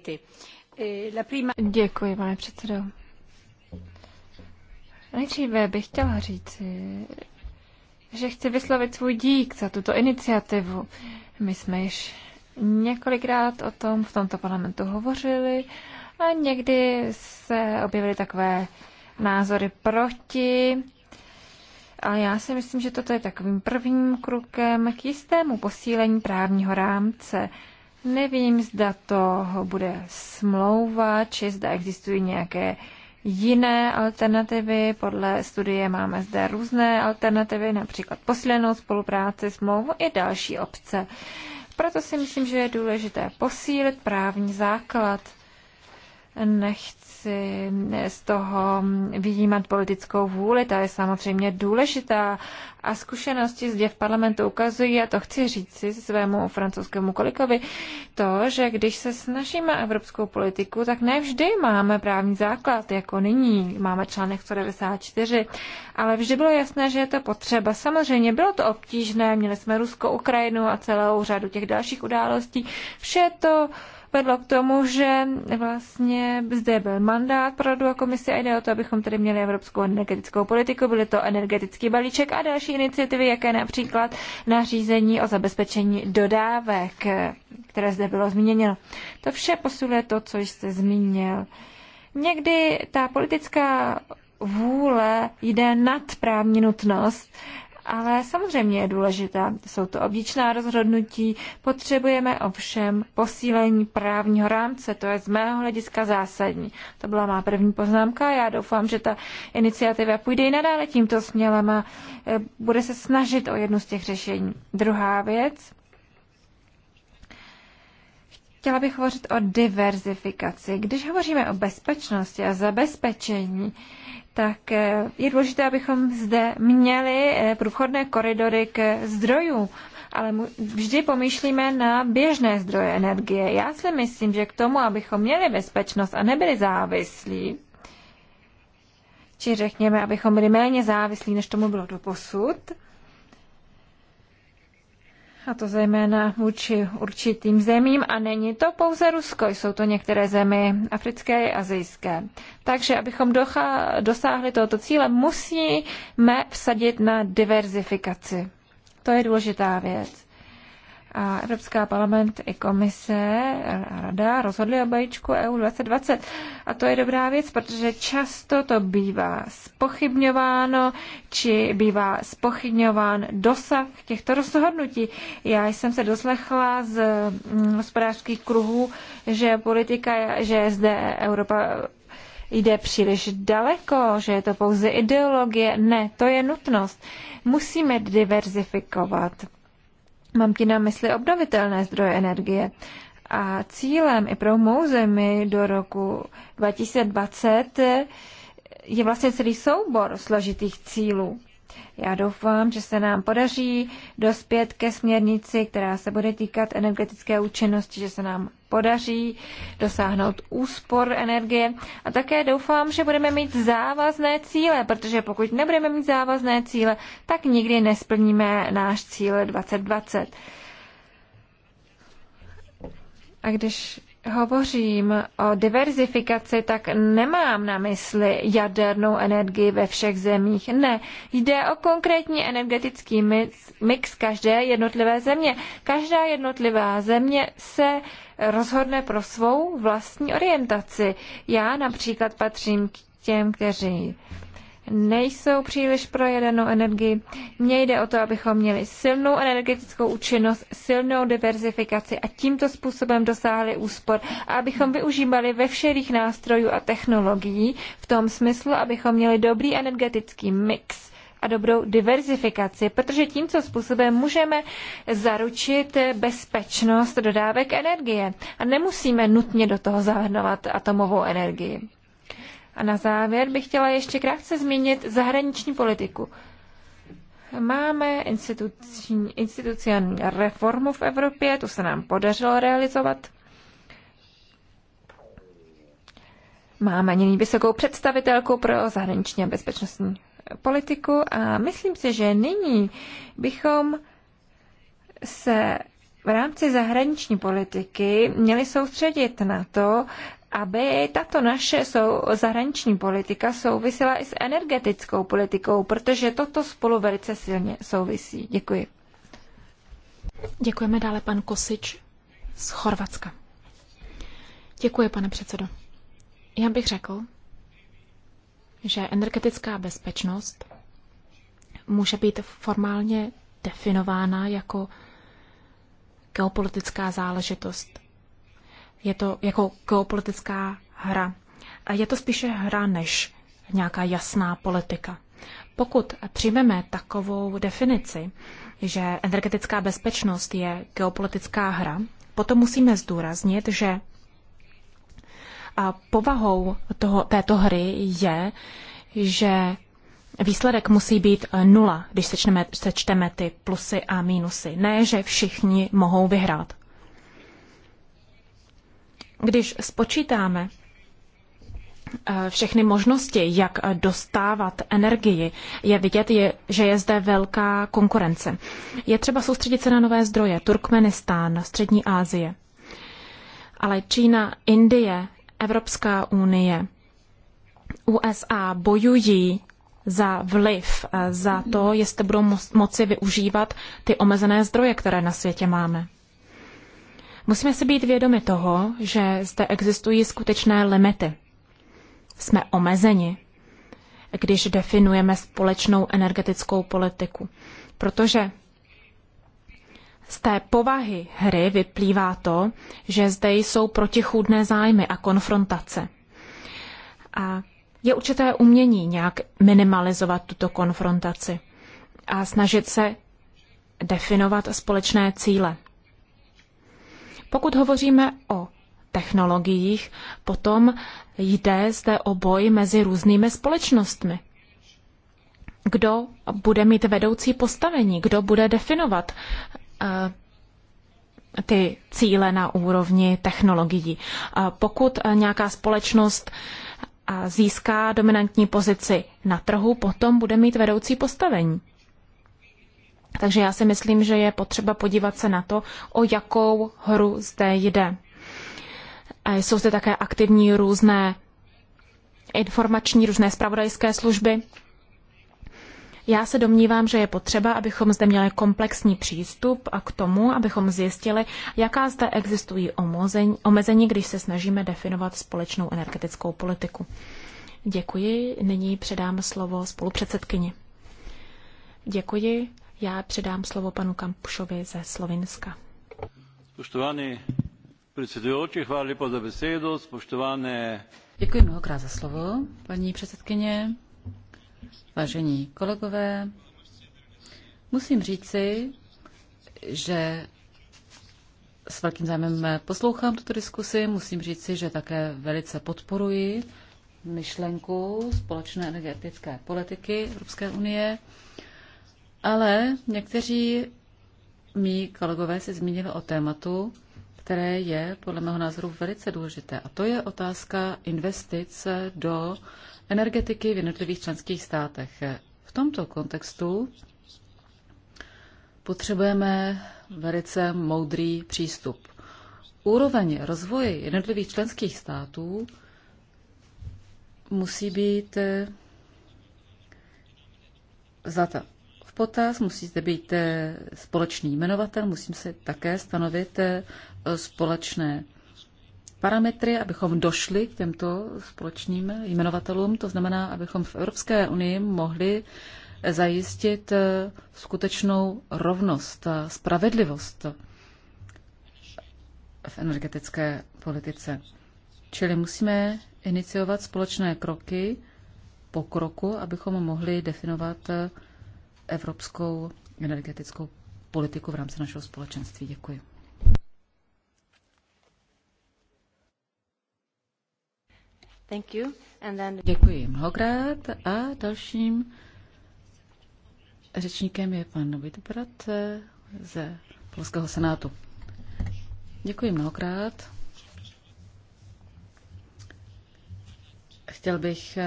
Děkuji, pane předsedo. Nejdříve bych chtěla říci, že chci vyslovit svůj dík za tuto iniciativu. My jsme již několikrát o tom v tomto parlamentu hovořili a někdy se objevily takové názory proti. A já si myslím, že toto je takovým prvním krokem k jistému posílení právního rámce. Nevím, zda to bude smlouva, či zda existují nějaké jiné alternativy. Podle studie máme zde různé alternativy, například posílenou spolupráci, smlouvu i další obce. Proto si myslím, že je důležité posílit právní základ. Nechci si z toho vyjímat politickou vůli, ta je samozřejmě důležitá a zkušenosti zde v parlamentu ukazují, a to chci říci svému francouzskému kolikovi, to, že když se snažíme evropskou politiku, tak nevždy máme právní základ, jako nyní máme článek 194, ale vždy bylo jasné, že je to potřeba. Samozřejmě bylo to obtížné, měli jsme Rusko, Ukrajinu a celou řadu těch dalších událostí. Vše to vedlo k tomu, že vlastně zde byl mandát pro radu a komisi a jde o to, abychom tady měli evropskou energetickou politiku, byly to energetický balíček a další iniciativy, jaké například nařízení o zabezpečení dodávek, které zde bylo zmíněno. To vše posiluje to, co jste zmínil. Někdy ta politická vůle jde nad právní nutnost ale samozřejmě je důležitá. Jsou to obdičná rozhodnutí, potřebujeme ovšem posílení právního rámce, to je z mého hlediska zásadní. To byla má první poznámka, já doufám, že ta iniciativa půjde i nadále tímto směrem a e, bude se snažit o jednu z těch řešení. Druhá věc, Chtěla bych hovořit o diverzifikaci. Když hovoříme o bezpečnosti a zabezpečení, tak eh, je důležité, abychom zde měli eh, průchodné koridory k zdrojů, ale vždy pomýšlíme na běžné zdroje energie. Já si myslím, že k tomu, abychom měli bezpečnost a nebyli závislí, či řekněme, abychom byli méně závislí, než tomu bylo do posud, a to zejména vůči určitým zemím. A není to pouze Rusko, jsou to některé zemi africké a azijské. Takže abychom docha- dosáhli tohoto cíle, musíme vsadit na diverzifikaci. To je důležitá věc a Evropská parlament i komise a rada rozhodly o balíčku EU 2020. A to je dobrá věc, protože často to bývá spochybňováno, či bývá spochybňován dosah těchto rozhodnutí. Já jsem se doslechla z mm, hospodářských kruhů, že politika, že zde Evropa jde příliš daleko, že je to pouze ideologie. Ne, to je nutnost. Musíme diverzifikovat Mám ti na mysli obnovitelné zdroje energie. A cílem i pro mou zemi do roku 2020 je vlastně celý soubor složitých cílů. Já doufám, že se nám podaří dospět ke směrnici, která se bude týkat energetické účinnosti, že se nám podaří dosáhnout úspor energie. A také doufám, že budeme mít závazné cíle, protože pokud nebudeme mít závazné cíle, tak nikdy nesplníme náš cíl 2020. A když hovořím o diverzifikaci, tak nemám na mysli jadernou energii ve všech zemích. Ne, jde o konkrétní energetický mix, mix každé jednotlivé země. Každá jednotlivá země se rozhodne pro svou vlastní orientaci. Já například patřím k těm, kteří nejsou příliš pro jadernou energii. Mně jde o to, abychom měli silnou energetickou účinnost, silnou diverzifikaci a tímto způsobem dosáhli úspor a abychom využívali ve všech nástrojů a technologií v tom smyslu, abychom měli dobrý energetický mix a dobrou diverzifikaci, protože tímto způsobem můžeme zaručit bezpečnost dodávek energie a nemusíme nutně do toho zahrnovat atomovou energii. A na závěr bych chtěla ještě krátce zmínit zahraniční politiku. Máme institucionální reformu v Evropě, to se nám podařilo realizovat. Máme nyní vysokou představitelku pro zahraniční a bezpečnostní politiku a myslím si, že nyní bychom se v rámci zahraniční politiky měli soustředit na to, aby tato naše sou, zahraniční politika souvisela i s energetickou politikou, protože toto spolu velice silně souvisí. Děkuji. Děkujeme dále pan Kosič z Chorvatska. Děkuji, pane předsedo. Já bych řekl, že energetická bezpečnost může být formálně definována jako geopolitická záležitost je to jako geopolitická hra. A je to spíše hra než nějaká jasná politika. Pokud přijmeme takovou definici, že energetická bezpečnost je geopolitická hra, potom musíme zdůraznit, že povahou toho, této hry je, že výsledek musí být e, nula, když sečteme, sečteme ty plusy a mínusy. Ne, že všichni mohou vyhrát. Když spočítáme eh, všechny možnosti, jak eh, dostávat energii, je vidět, že je zde velká konkurence. Je třeba soustředit se na nové zdroje, Turkmenistán, Střední Asie. Ale Čína, Indie, Evropská unie, USA bojují za vliv, eh, za to, jestli budou moci využívat ty omezené zdroje, které na světě máme. Musíme si být vědomi toho, že zde existují skutečné limity. Jsme omezeni, když definujeme společnou energetickou politiku, protože z té povahy hry vyplývá to, že zde jsou protichůdné zájmy a konfrontace. A je určité umění nějak minimalizovat tuto konfrontaci a snažit se definovat společné cíle. Pokud hovoříme o technologiích, potom jde zde o boj mezi různými společnostmi. Kdo bude mít vedoucí postavení, kdo bude definovat eh, ty cíle na úrovni technologií. Pokud eh, nějaká společnost eh, získá dominantní pozici na trhu, potom bude mít vedoucí postavení. Takže já si myslím, že je potřeba podívat se na to, o jakou hru zde jde. Jsou zde také aktivní různé informační, různé spravodajské služby. Já se domnívám, že je potřeba, abychom zde měli komplexní přístup a k tomu, abychom zjistili, jaká zde existují omezení, když se snažíme definovat společnou energetickou politiku. Děkuji. Nyní předám slovo spolupředsedkyni. Děkuji. Já předám slovo panu Kampušovi ze Slovinska. Spoštovani predsedujoči, hvala lepa za besedo. Spoštovane... Děkuji mnohokrát za slovo, paní předsedkyně. Vážení kolegové, musím říci, že s velkým zájmem poslouchám tuto diskusi. Musím říci, že také velice podporuji myšlenku společné energetické politiky Evropské unie. Ale někteří mý kolegové se zmínili o tématu, které je podle mého názoru velice důležité. A to je otázka investic do energetiky v jednotlivých členských státech. V tomto kontextu potřebujeme velice moudrý přístup. Úroveň rozvoje jednotlivých členských států musí být vzata potaz, musí zde být eh, společný jmenovatel, musím se také stanovit eh, společné parametry, abychom došli k těmto společným jmenovatelům. To znamená, abychom v Evropské unii mohli eh, zajistit skutečnou rovnost a spravedlivost v energetické politice. Čili musíme iniciovat společné kroky po kroku, abychom mohli definovat evropskou energetickou politiku v rámci našeho společenství. Děkuji. Thank you. And then... Děkuji mnohokrát a dalším řečníkem je pan Vitbrat ze Polského senátu. Děkuji mnohokrát. Chtěl bych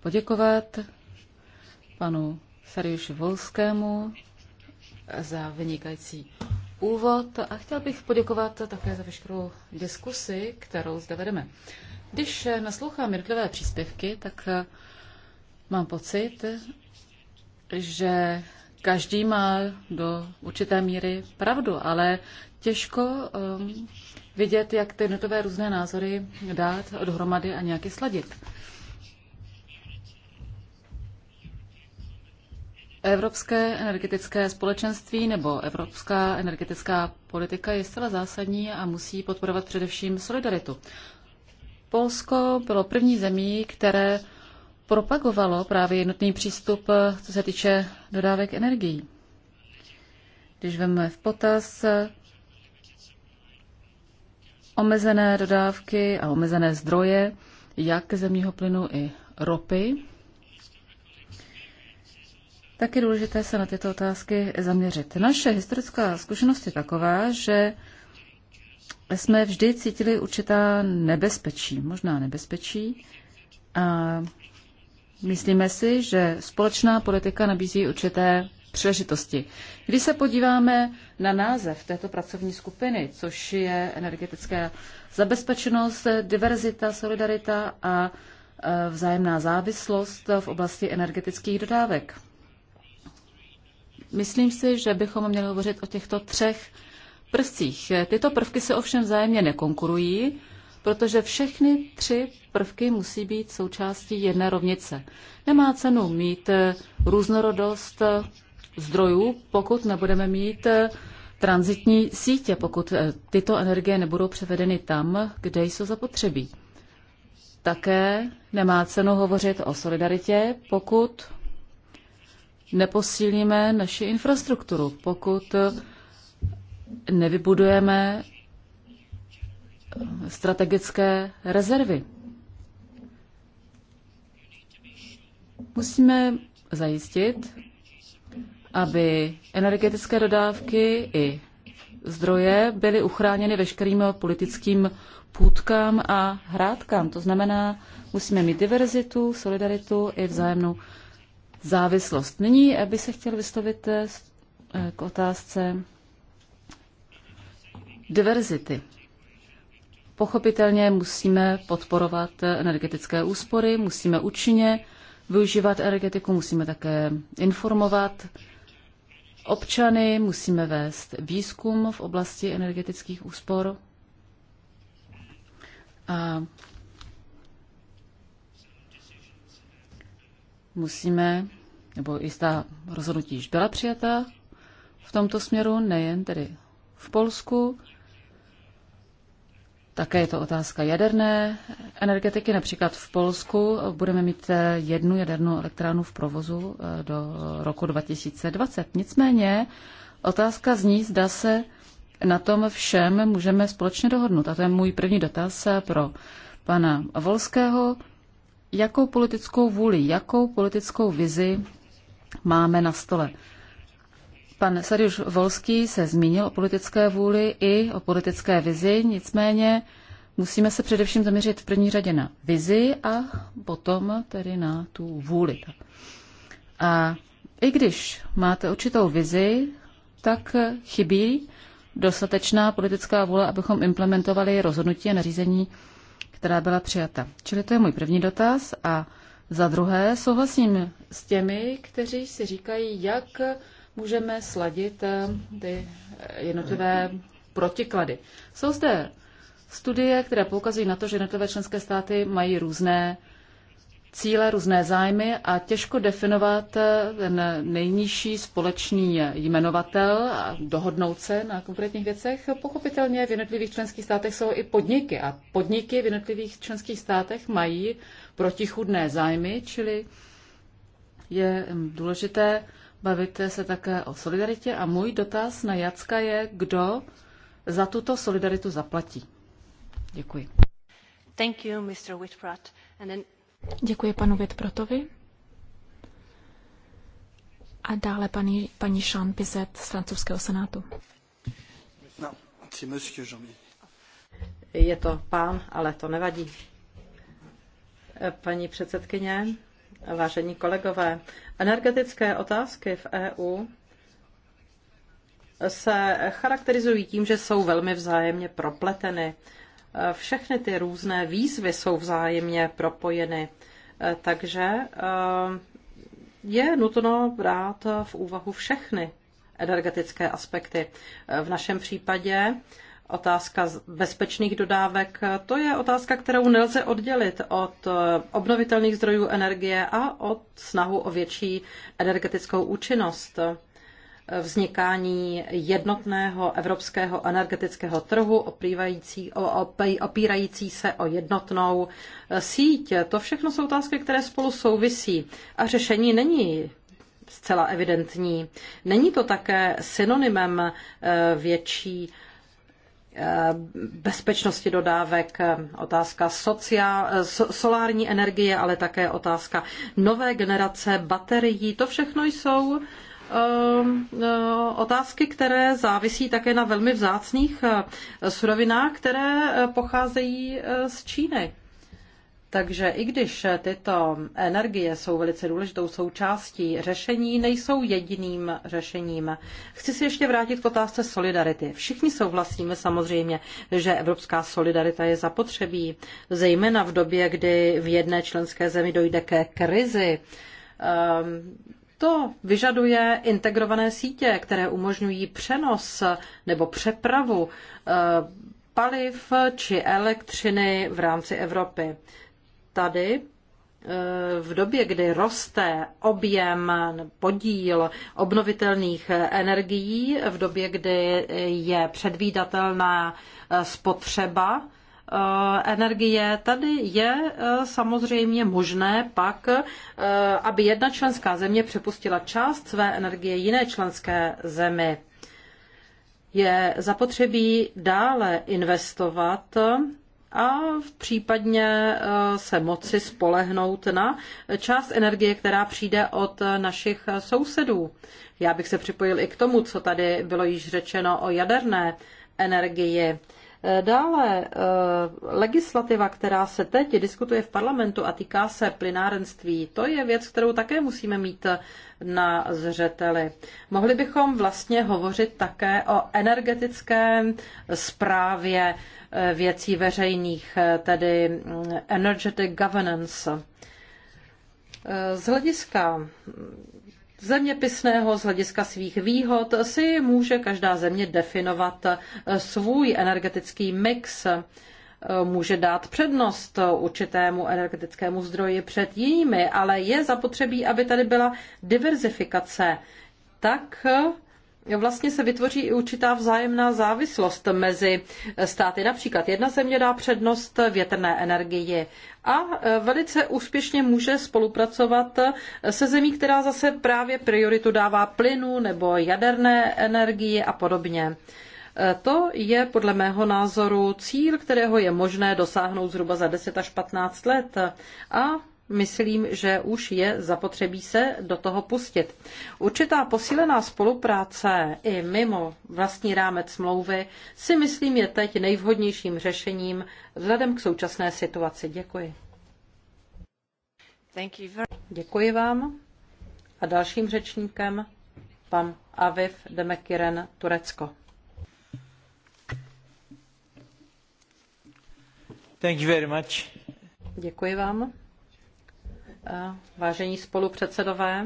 poděkovat panu Sariuši Volskému za vynikající úvod a chtěl bych poděkovat také za veškerou diskusi, kterou zde vedeme. Když naslouchám jednotlivé příspěvky, tak eh, mám pocit, že každý má do určité míry pravdu, ale těžko um, vidět, jak ty jednotlivé různé názory dát dohromady a nějaký sladit. Evropské energetické společenství nebo evropská energetická politika je zcela zásadní a musí podporovat především solidaritu. Polsko bylo první zemí, které propagovalo právě jednotný přístup, co se týče dodávek energií. Když veme v potaz omezené dodávky a omezené zdroje, jak zemního plynu i ropy, tak je důležité se na tyto otázky zaměřit. Naše historická zkušenost je taková, že jsme vždy cítili určitá nebezpečí, možná nebezpečí. A myslíme si, že společná politika nabízí určité příležitosti. Když se podíváme na název této pracovní skupiny, což je energetická zabezpečenost, diverzita, solidarita a e, vzájemná závislost v oblasti energetických dodávek. Myslím si, že bychom měli hovořit o těchto třech prvcích. Tyto prvky se ovšem vzájemně nekonkurují, protože všechny tři prvky musí být součástí jedné rovnice. Nemá cenu mít různorodost zdrojů, pokud nebudeme mít transitní sítě, pokud tyto energie nebudou převedeny tam, kde jsou zapotřebí. Také nemá cenu hovořit o solidaritě, pokud neposílíme naši infrastrukturu, pokud nevybudujeme strategické rezervy. Musíme zajistit, aby energetické dodávky i zdroje byly uchráněny veškerým politickým půdkám a hrádkám. To znamená, musíme mít diverzitu, solidaritu i vzájemnou závislost. Nyní eh, bych se chtěl vyslovit eh, eh, k otázce diverzity. Pochopitelně musíme podporovat energetické úspory, musíme účinně využívat energetiku, musíme také informovat občany, musíme vést výzkum v oblasti energetických úspor. A musíme, nebo jistá rozhodnutí již byla přijata v tomto směru, nejen tedy v Polsku. Také je to otázka jaderné energetiky. Například v Polsku budeme mít eh, jednu jadernou elektránu v provozu eh, do roku 2020. Nicméně otázka zní, zda se na tom všem můžeme společně dohodnout. A to je můj první dotaz eh, pro pana Volského jakou politickou vůli, jakou politickou vizi máme na stole. Pan Sariuš Volský se zmínil o politické vůli i o politické vizi, nicméně musíme se především zaměřit v první řadě na vizi a potom tedy na tu vůli. A i když máte určitou vizi, tak chybí dostatečná politická vůle, abychom implementovali rozhodnutí a nařízení která byla přijata. Čili to je můj první dotaz. A za druhé souhlasím s těmi, kteří si říkají, jak můžeme sladit eh, ty eh, jednotlivé protiklady. Jsou zde studie, které poukazují na to, že jednotlivé členské státy mají různé cíle, různé zájmy a těžko definovat eh, ten nejnižší společný eh, jmenovatel a dohodnout se na konkrétních věcech. Pochopitelně v jednotlivých členských státech jsou i podniky a podniky v jednotlivých členských státech mají protichudné zájmy, čili je mm, důležité bavit se také o solidaritě a můj dotaz na Jacka je, kdo za tuto solidaritu zaplatí. Děkuji. Thank you, Mr. Whitprat. And then Děkuji panu Vitprotovi. A dále paní, paní Jean Pizet z francouzského senátu. No, Je to pán, ale to nevadí. Paní předsedkyně, vážení kolegové, energetické otázky v EU se charakterizují tím, že jsou velmi vzájemně propleteny všechny ty různé výzvy jsou vzájemně propojeny. Eh, takže eh, je nutno brát v úvahu všechny energetické aspekty. Eh, v našem případě otázka bezpečných dodávek, to je otázka, kterou nelze oddělit od obnovitelných zdrojů energie a od snahu o větší energetickou účinnost vznikání jednotného evropského energetického trhu, opírající se o jednotnou eh, síť. To všechno jsou otázky, které spolu souvisí a řešení není zcela evidentní. Není to také synonymem eh, větší eh, bezpečnosti dodávek, otázka sociál, solární energie, ale také otázka nové generace baterií. To všechno jsou Ehm, e, otázky, které závisí také na velmi vzácných e, surovinách, které e, pocházejí z Číny. Takže i když tyto energie jsou velice důležitou součástí řešení, nejsou jediným řešením. Chci si ještě vrátit k otázce solidarity. Všichni souhlasíme samozřejmě, že evropská solidarita je zapotřebí, zejména v době, kdy v jedné členské zemi dojde ke krizi ehm, to vyžaduje integrované sítě, které umožňují přenos nebo přepravu eh, paliv či elektřiny v rámci Evropy. Tady eh, v době, kdy roste objem, podíl obnovitelných energií, v době, kdy je předvídatelná eh, spotřeba, Eh, energie, tady je eh, samozřejmě možné pak, eh, aby jedna členská země přepustila část své energie jiné členské zemi. Je zapotřebí dále investovat a případně se moci spolehnout na část energie, která přijde od našich sousedů. Já bych se připojil i k tomu, co tady bylo již řečeno o jaderné energii. Dále eh, legislativa, která se teď diskutuje v parlamentu a týká se plynárenství, to je věc, kterou také musíme mít na zřeteli. Mohli bychom vlastně hovořit také o energetické správě eh, věcí veřejných, eh, tedy mm, energetic governance. Z hlediska zeměpisného, z hlediska svých výhod, si může každá země definovat eh, svůj energetický mix. Eh, může dát přednost určitému energetickému zdroji před jinými, ale je zapotřebí, aby tady byla diverzifikace tak, eh, vlastně se vytvoří i určitá vzájemná závislost mezi státy. Například jedna země dá přednost větrné energii a velice úspěšně může spolupracovat se zemí, která zase právě prioritu dává plynu nebo jaderné energii a podobně. To je podle mého názoru cíl, kterého je možné dosáhnout zhruba za 10 až 15 let a myslím, že už je zapotřebí se do toho pustit. Určitá posílená spolupráce i mimo vlastní rámec smlouvy si myslím je teď nejvhodnějším řešením vzhledem k současné situaci. Děkuji. Děkuji vám. A dalším řečníkem pan Aviv Demekiren, Turecko. Thank you very much. Děkuji vám vážení spolupředsedové.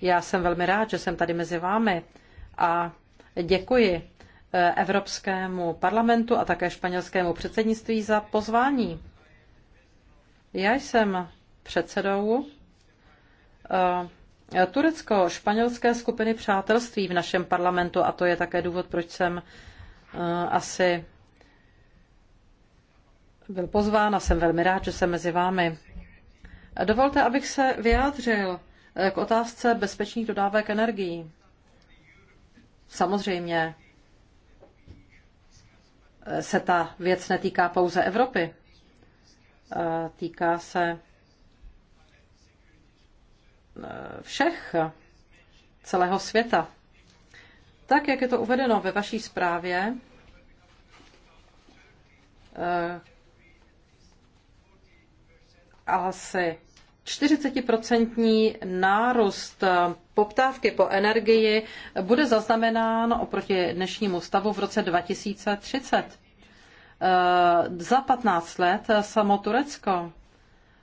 Já jsem velmi rád, že jsem tady mezi vámi a děkuji e, Evropskému parlamentu a také španělskému předsednictví za pozvání. Já jsem předsedou e, turecko-španělské skupiny přátelství v našem parlamentu a to je také důvod, proč jsem e, asi byl pozván a jsem velmi rád, že jsem mezi vámi. Dovolte, abych se vyjádřil eh, k otázce bezpečných dodávek energií. Samozřejmě eh, se ta věc netýká pouze Evropy. Eh, týká se všech, celého světa. Tak, jak je to uvedeno ve vaší zprávě, asi 40% nárůst poptávky po energii bude zaznamenán oproti dnešnímu stavu v roce 2030. Eh, za 15 let samo Turecko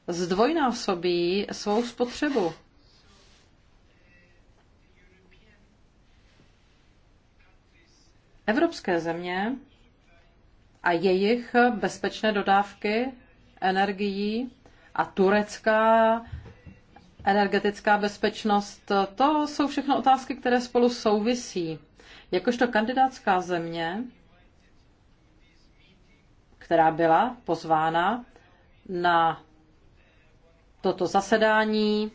zdvojnásobí svou spotřebu. Evropské země a jejich bezpečné dodávky energií a turecká energetická bezpečnost, to jsou všechno otázky, které spolu souvisí. Jakožto kandidátská země, která byla pozvána na toto zasedání,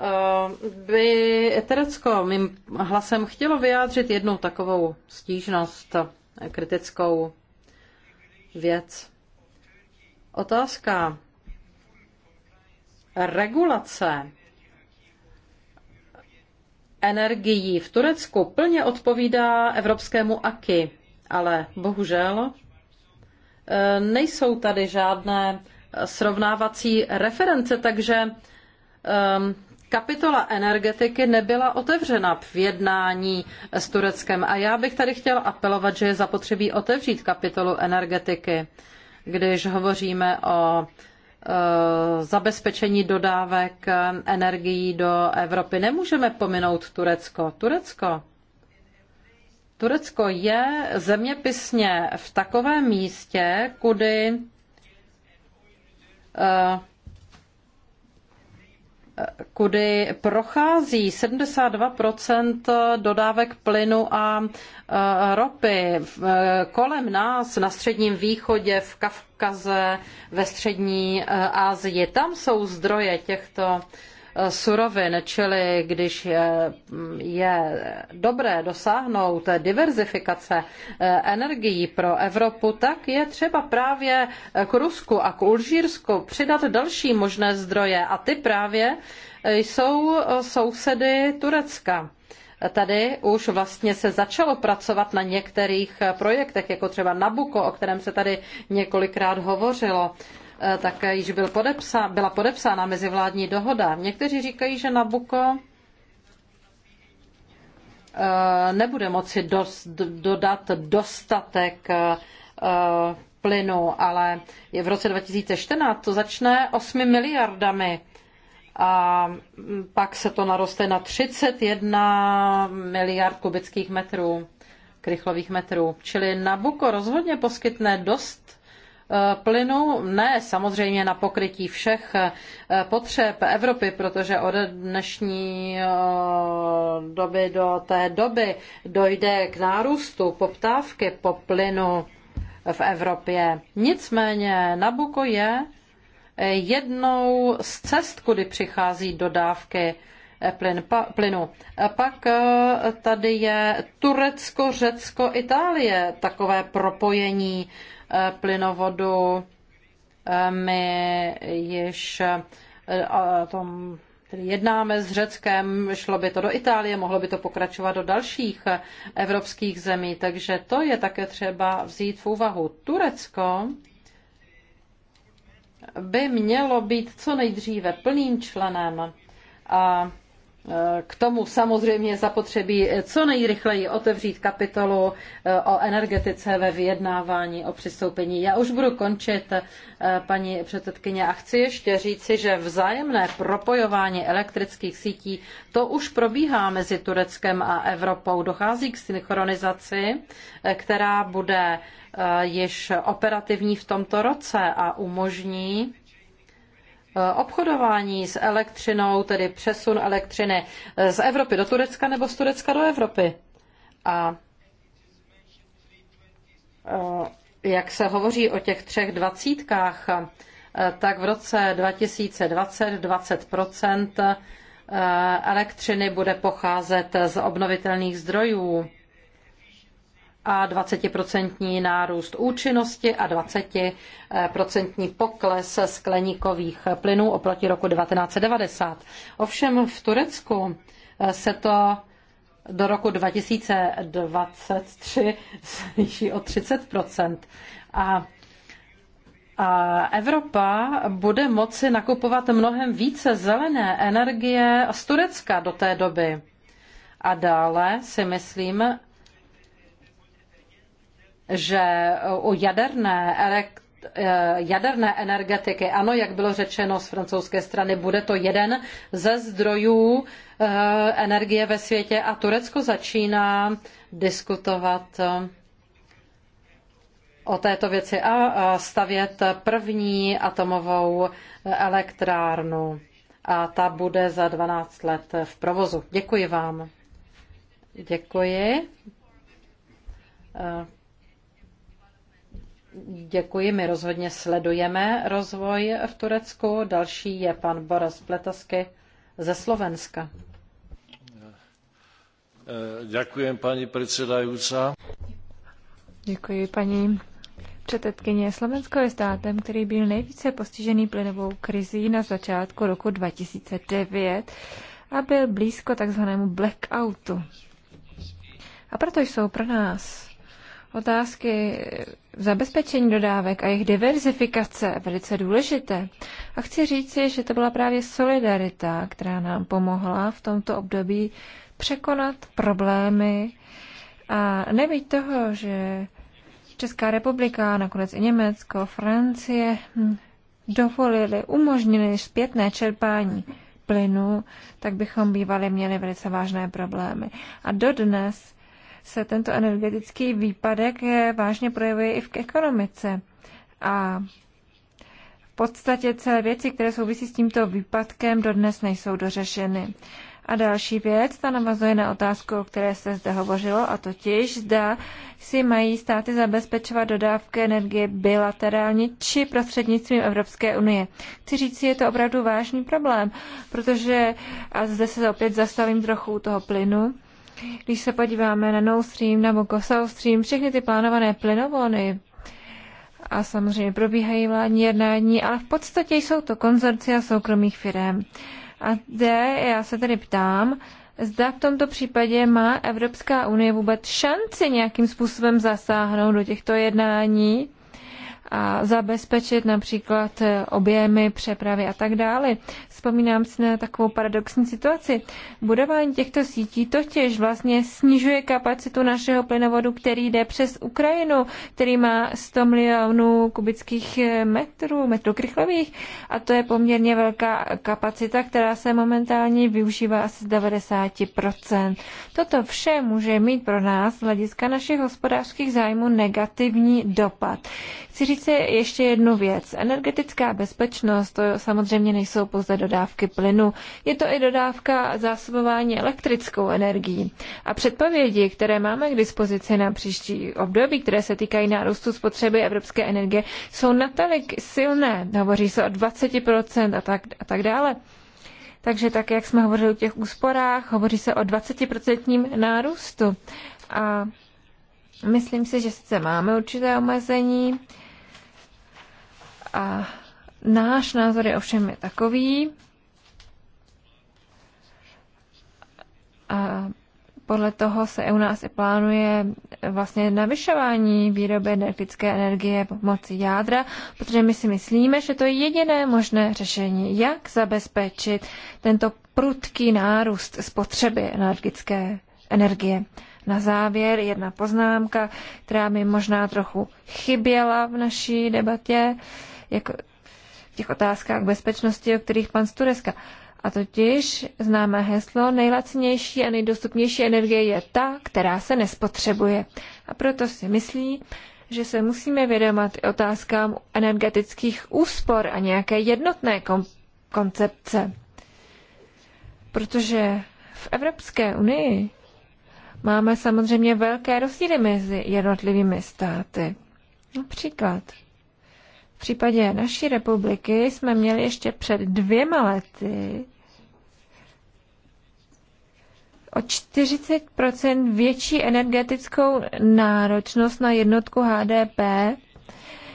eh, by Terecko mým hlasem chtělo vyjádřit jednu takovou stížnost, kritickou věc. Otázka regulace energií v Turecku plně odpovídá evropskému AKI, ale bohužel e, nejsou tady žádné srovnávací reference, takže kapitola energetiky nebyla otevřena v jednání s Tureckem. A já bych tady chtěl apelovat, že je zapotřebí otevřít kapitolu energetiky, když hovoříme o Eh, zabezpečení dodávek energií do Evropy. Nemůžeme pominout Turecko. Turecko. Turecko je zeměpisně v takovém místě, kudy eh, kudy prochází 72 dodávek plynu a ropy. E, kolem nás, na Středním východě, v Kavkaze, ve Střední e, Asii, tam jsou zdroje těchto Eh, surovin, čili když eh, je dobré dosáhnout diverzifikace eh, energií pro Evropu, tak je třeba právě k Rusku a k Alžírsku přidat další možné zdroje a ty právě jsou sousedy Turecka. Tady už vlastně se začalo pracovat na některých projektech, jako třeba Nabuko, o kterém se tady několikrát hovořilo. Eh, také již byl podepsa, byla podepsána mezivládní dohoda. Někteří říkají, že Nabuko eh, nebude moci dost, dodat dostatek eh, plynu, ale v roce 2014 to začne 8 miliardami a mm, pak se to naroste na 31 miliard kubických metrů, krychlových metrů. Čili Nabuko rozhodně poskytne dost plynu, ne samozřejmě na pokrytí všech eh, potřeb Evropy, protože od dnešní eh, doby do té doby dojde k nárůstu poptávky po plynu v Evropě. Nicméně Nabuko je eh, jednou z cest, kudy přichází dodávky plyn, pa, plynu. Pak e, tady je Turecko, Řecko, Itálie, takové propojení e, plynovodu. E, my již tom jednáme s Řeckem, šlo by to do Itálie, mohlo by to pokračovat do dalších evropských zemí, takže to je také třeba vzít v úvahu. Turecko by mělo být co nejdříve plným členem a Eh, k tomu samozřejmě zapotřebí eh, co nejrychleji otevřít kapitolu eh, o energetice ve vyjednávání o přistoupení. Já už budu končit, paní předsedkyně, a chci ještě říci, že vzájemné propojování elektrických sítí, to už probíhá mezi Tureckem a Evropou. Dochází k synchronizaci, která bude již operativní v tomto roce a umožní Eh, obchodování s elektřinou, tedy přesun elektřiny eh, z Evropy do Turecka nebo z Turecka do Evropy. A eh, jak se hovoří o těch třech dvacítkách, tak v roce 2020 20 elektřiny bude pocházet z obnovitelných zdrojů a 20% nárůst účinnosti a 20% pokles skleníkových plynů oproti roku 1990. Ovšem v Turecku eh, se to do roku 2023 zvýší o 30%. A a Evropa bude moci nakupovat mnohem více zelené energie z Turecka do té doby. A dále si myslím, že u jaderné elektrárny eh, jaderné energetiky. Ano, jak bylo řečeno z francouzské strany, bude to jeden ze zdrojů eh, energie ve světě a Turecko začíná diskutovat eh, o této věci a stavět první atomovou elektrárnu. A ta bude za 12 let v provozu. Děkuji vám. Děkuji Děkuji, my rozhodně sledujeme rozvoj v Turecku. Další je pan Boris Pletasky ze Slovenska. Děkuji, paní předsedající. Děkuji, paní předsedkyně. Slovensko je státem, který byl nejvíce postižený plynovou krizí na začátku roku 2009 a byl blízko takzvanému blackoutu. A proto jsou pro nás otázky zabezpečení dodávek a jejich diverzifikace velice důležité. A chci říci, že to byla právě solidarita, která nám pomohla v tomto období překonat problémy a nebýt toho, že Česká republika, nakonec i Německo, Francie hm, dovolili, umožnili zpětné čerpání plynu, tak bychom bývali měli velice vážné problémy. A dodnes se tento energetický výpadek eh, vážně projevuje i v ekonomice. A v podstatě celé věci, které souvisí s tímto výpadkem, dodnes nejsou dořešeny. A další věc, ta navazuje na otázku, o které se zde hovořilo, a totiž zda si mají státy zabezpečovat dodávky energie bilaterálně či prostřednictvím Evropské unie. Chci říct si, je to opravdu vážný problém, protože, a zde se opět zastavím trochu u toho plynu, když se podíváme na Nord Stream, na Boko South Stream, všechny ty plánované plynovony a samozřejmě probíhají vládní jednání, ale v podstatě jsou to konzorcia soukromých firm. A zde já se tedy ptám, zda v tomto případě má Evropská unie vůbec šanci nějakým způsobem zasáhnout do těchto jednání a zabezpečit například eh, objemy přepravy a tak dále. Vzpomínám si na takovou paradoxní situaci. Budování těchto sítí totiž vlastně snižuje kapacitu našeho plynovodu, který jde přes Ukrajinu, který má 100 milionů kubických eh, metrů, metrů krychlových a to je poměrně velká kapacita, která se momentálně využívá asi z 90%. Toto vše může mít pro nás z hlediska našich hospodářských zájmů negativní dopad. Chci říct si ještě jednu věc. Energetická bezpečnost to samozřejmě nejsou pouze dodávky plynu, je to i dodávka zásobování elektrickou energií. A předpovědi, které máme k dispozici na příští období, které se týkají nárůstu spotřeby evropské energie, jsou natolik silné. Hovoří se o 20% a tak, a tak dále. Takže tak, jak jsme hovořili o těch úsporách, hovoří se o 20% nárůstu. A Myslím si, že sice máme určité omezení, a náš názor je ovšem je takový, a podle toho se u nás i plánuje vlastně navyšování výroby energetické energie pomocí jádra, protože my si myslíme, že to je jediné možné řešení, jak zabezpečit tento prudký nárůst spotřeby energetické energie. Na závěr jedna poznámka, která mi možná trochu chyběla v naší debatě. Uh, jak v těch otázkách bezpečnosti, o kterých pan Stureska. A totiž známé heslo, nejlacnější a nejdostupnější energie je ta, která se nespotřebuje. A proto si myslí, že se musíme vědomat i otázkám energetických úspor a nějaké jednotné koncepce. Protože v Evropské unii máme samozřejmě velké rozdíly mezi jednotlivými státy. Například případě naší republiky jsme měli ještě před dvěma lety o 40 větší energetickou náročnost na jednotku HDP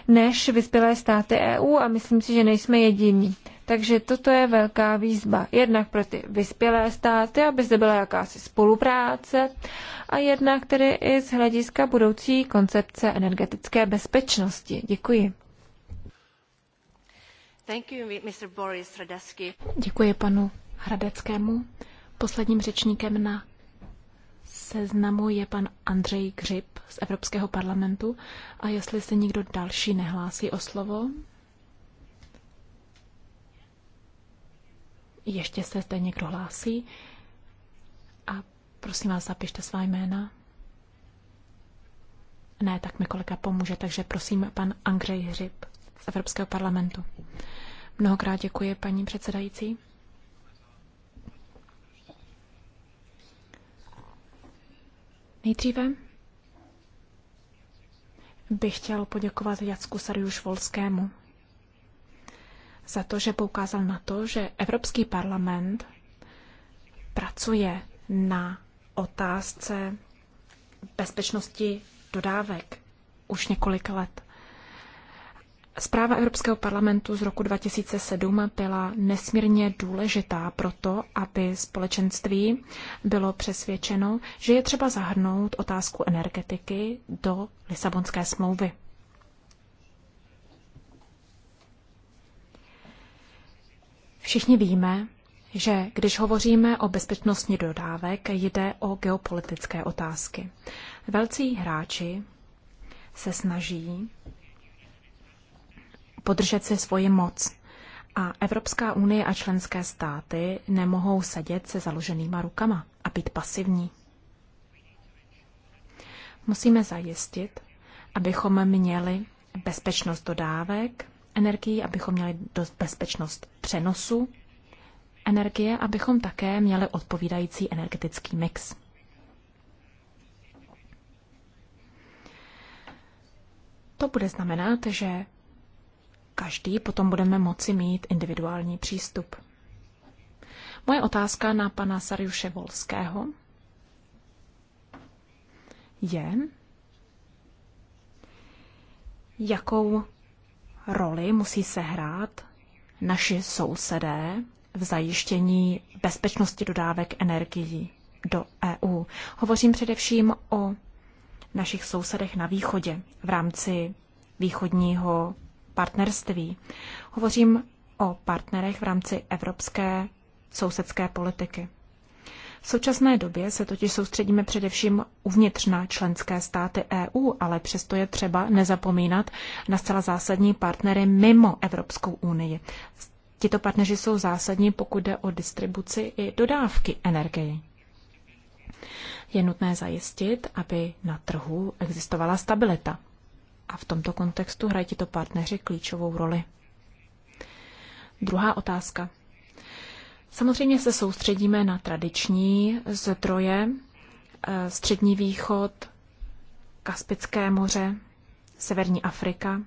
než vyspělé státy EU a myslím si, že nejsme jediní. Takže toto je velká výzva. Jednak pro ty vyspělé státy, aby zde byla jakási spolupráce a jednak tedy i z hlediska budoucí koncepce energetické bezpečnosti. Děkuji. Děkuji panu Hradeckému. Posledním řečníkem na seznamu je pan Andrej Grip z Evropského parlamentu. A jestli se nikdo další nehlásí o slovo, ještě se zde někdo hlásí. A prosím vás, zapište svá jména. Ne, tak mi kolega pomůže, takže prosím pan Andrej Hřib z Evropského parlamentu. Mnohokrát děkuji, paní předsedající. Nejdříve bych chtěl poděkovat Jacku Sarjuš Volskému za to, že poukázal na to, že Evropský parlament pracuje na otázce bezpečnosti dodávek už několik let. Zpráva Evropského parlamentu z roku 2007 byla nesmírně důležitá proto, aby společenství bylo přesvědčeno, že je třeba zahrnout otázku energetiky do Lisabonské smlouvy. Všichni víme, že když hovoříme o bezpečnostní dodávek, jde o geopolitické otázky. Velcí hráči se snaží podržet si svoji moc. A Evropská unie a členské státy nemohou sedět se založenýma rukama a být pasivní. Musíme zajistit, abychom měli bezpečnost dodávek energií, abychom měli bezpečnost přenosu energie, abychom také měli odpovídající energetický mix. To bude znamenat, že každý potom budeme moci mít individuální přístup. Moje otázka na pana Sarjuše Volského je, jakou roli musí sehrát naši sousedé v zajištění bezpečnosti dodávek energií do EU. Hovořím především o našich sousedech na východě v rámci východního partnerství. Hovořím o partnerech v rámci evropské sousedské politiky. V současné době se totiž soustředíme především uvnitř na členské státy EU, ale přesto je třeba nezapomínat na zcela zásadní partnery mimo Evropskou unii. Tito partneři jsou zásadní, pokud jde o distribuci i dodávky energie. Je nutné zajistit, aby na trhu existovala stabilita a v tomto kontextu hrají tito partneři klíčovou roli. Druhá otázka. Samozřejmě se soustředíme na tradiční zdroje, eh, Střední východ, Kaspické moře, Severní Afrika.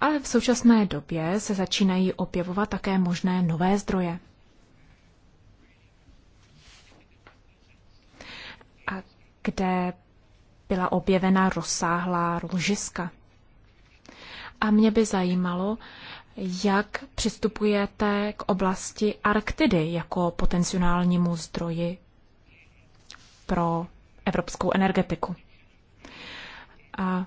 Ale v současné době se začínají objevovat také možné nové zdroje. kde byla objevena rozsáhlá ložiska. A mě by zajímalo, jak přistupujete k oblasti Arktidy jako potenciálnímu zdroji pro evropskou energetiku. A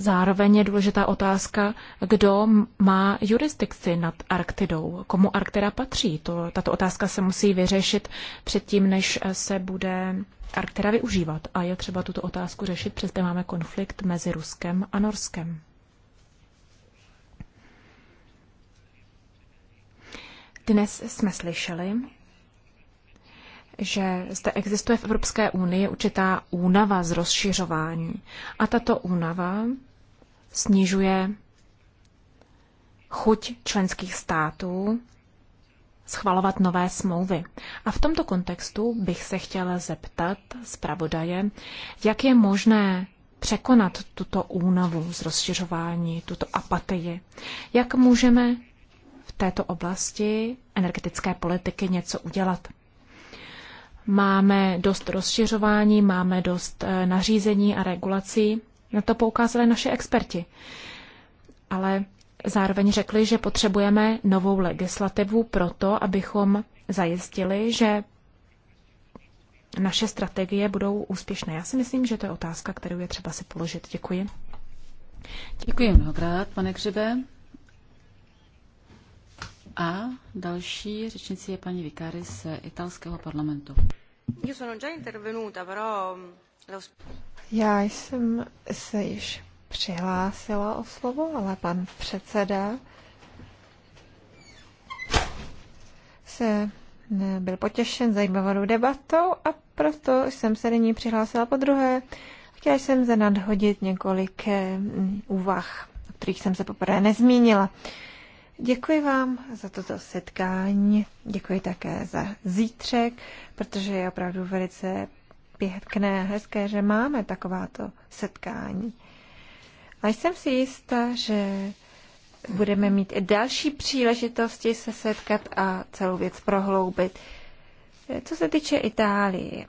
Zároveň je důležitá otázka, kdo má jurisdikci nad Arktidou, komu Arktida patří. To, tato otázka se musí vyřešit předtím, než se bude Arktida využívat. A je třeba tuto otázku řešit, přesto máme konflikt mezi Ruskem a Norskem. Dnes jsme slyšeli, že zde existuje v Evropské unii určitá únava z rozšiřování. A tato únava snižuje chuť členských států schvalovat nové smlouvy. A v tomto kontextu bych se chtěla zeptat zpravodaje, jak je možné překonat tuto únavu z rozšiřování, tuto apatii. Jak můžeme v této oblasti energetické politiky něco udělat? Máme dost rozšiřování, máme dost eh, nařízení a regulací, na to poukázali naši experti. Ale zároveň řekli, že potřebujeme novou legislativu proto, abychom zajistili, že naše strategie budou úspěšné. Já si myslím, že to je otázka, kterou je třeba si položit. Děkuji. Děkuji mnohokrát, pane Křibe. A další řečnici je paní Vikary z italského parlamentu. Io sono già intervenuta, però já jsem se již přihlásila o slovo, ale pan předseda se byl potěšen zajímavou debatou a proto jsem se nyní přihlásila po druhé. Chtěla jsem se nadhodit několik eh, úvah, o kterých jsem se poprvé nezmínila. Děkuji vám za toto setkání, děkuji také za zítřek, protože je opravdu velice pěkné, hezké, že máme takováto setkání. A jsem si jistá, že budeme mít i další příležitosti se setkat a celou věc prohloubit. Co se týče Itálie,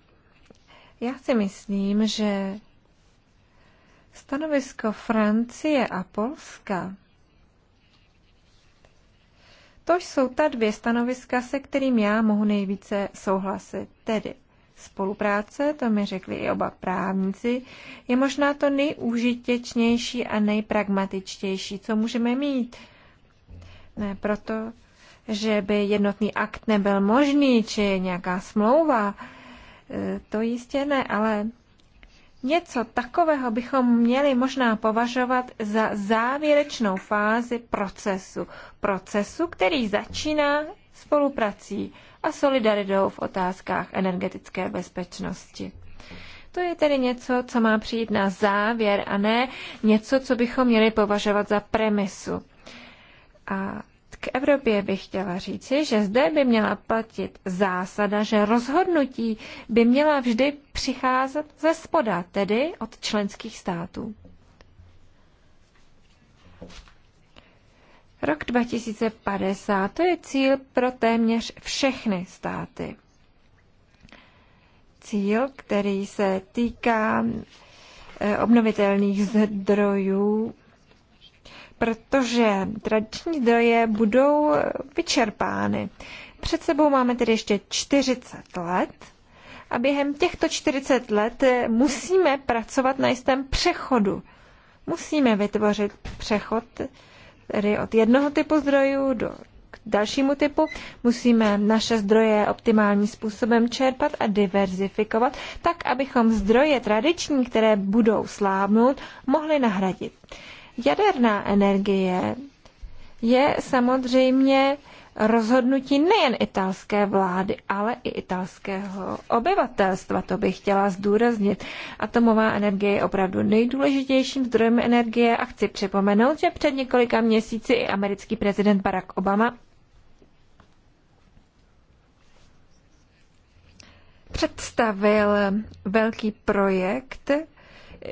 já si myslím, že stanovisko Francie a Polska to jsou ta dvě stanoviska, se kterým já mohu nejvíce souhlasit. Tedy spolupráce, to mi řekli i oba právníci, je možná to nejúžitečnější a nejpragmatičtější, co můžeme mít. Ne proto, že by jednotný akt nebyl možný, či nějaká smlouva, e, to jistě ne, ale něco takového bychom měli možná považovat za závěrečnou fázi procesu. Procesu, který začíná spoluprací a solidaritou v otázkách energetické bezpečnosti. To je tedy něco, co má přijít na závěr a ne něco, co bychom měli považovat za premisu. A k Evropě bych chtěla říci, že zde by měla platit zásada, že rozhodnutí by měla vždy přicházet ze spoda, tedy od členských států. Rok 2050 to je cíl pro téměř všechny státy. Cíl, který se týká eh, obnovitelných zdrojů, protože tradiční zdroje budou eh, vyčerpány. Před sebou máme tedy ještě 40 let a během těchto 40 let eh, musíme pracovat na jistém přechodu. Musíme vytvořit přechod tedy od jednoho typu zdrojů do k dalšímu typu. Musíme naše zdroje optimálním způsobem čerpat a diverzifikovat, tak abychom zdroje tradiční, které budou slábnout, mohli nahradit. Jaderná energie je samozřejmě rozhodnutí nejen italské vlády, ale i italského obyvatelstva. To bych chtěla zdůraznit. Atomová energie je opravdu nejdůležitějším zdrojem energie a chci připomenout, že před několika měsíci i americký prezident Barack Obama představil velký projekt,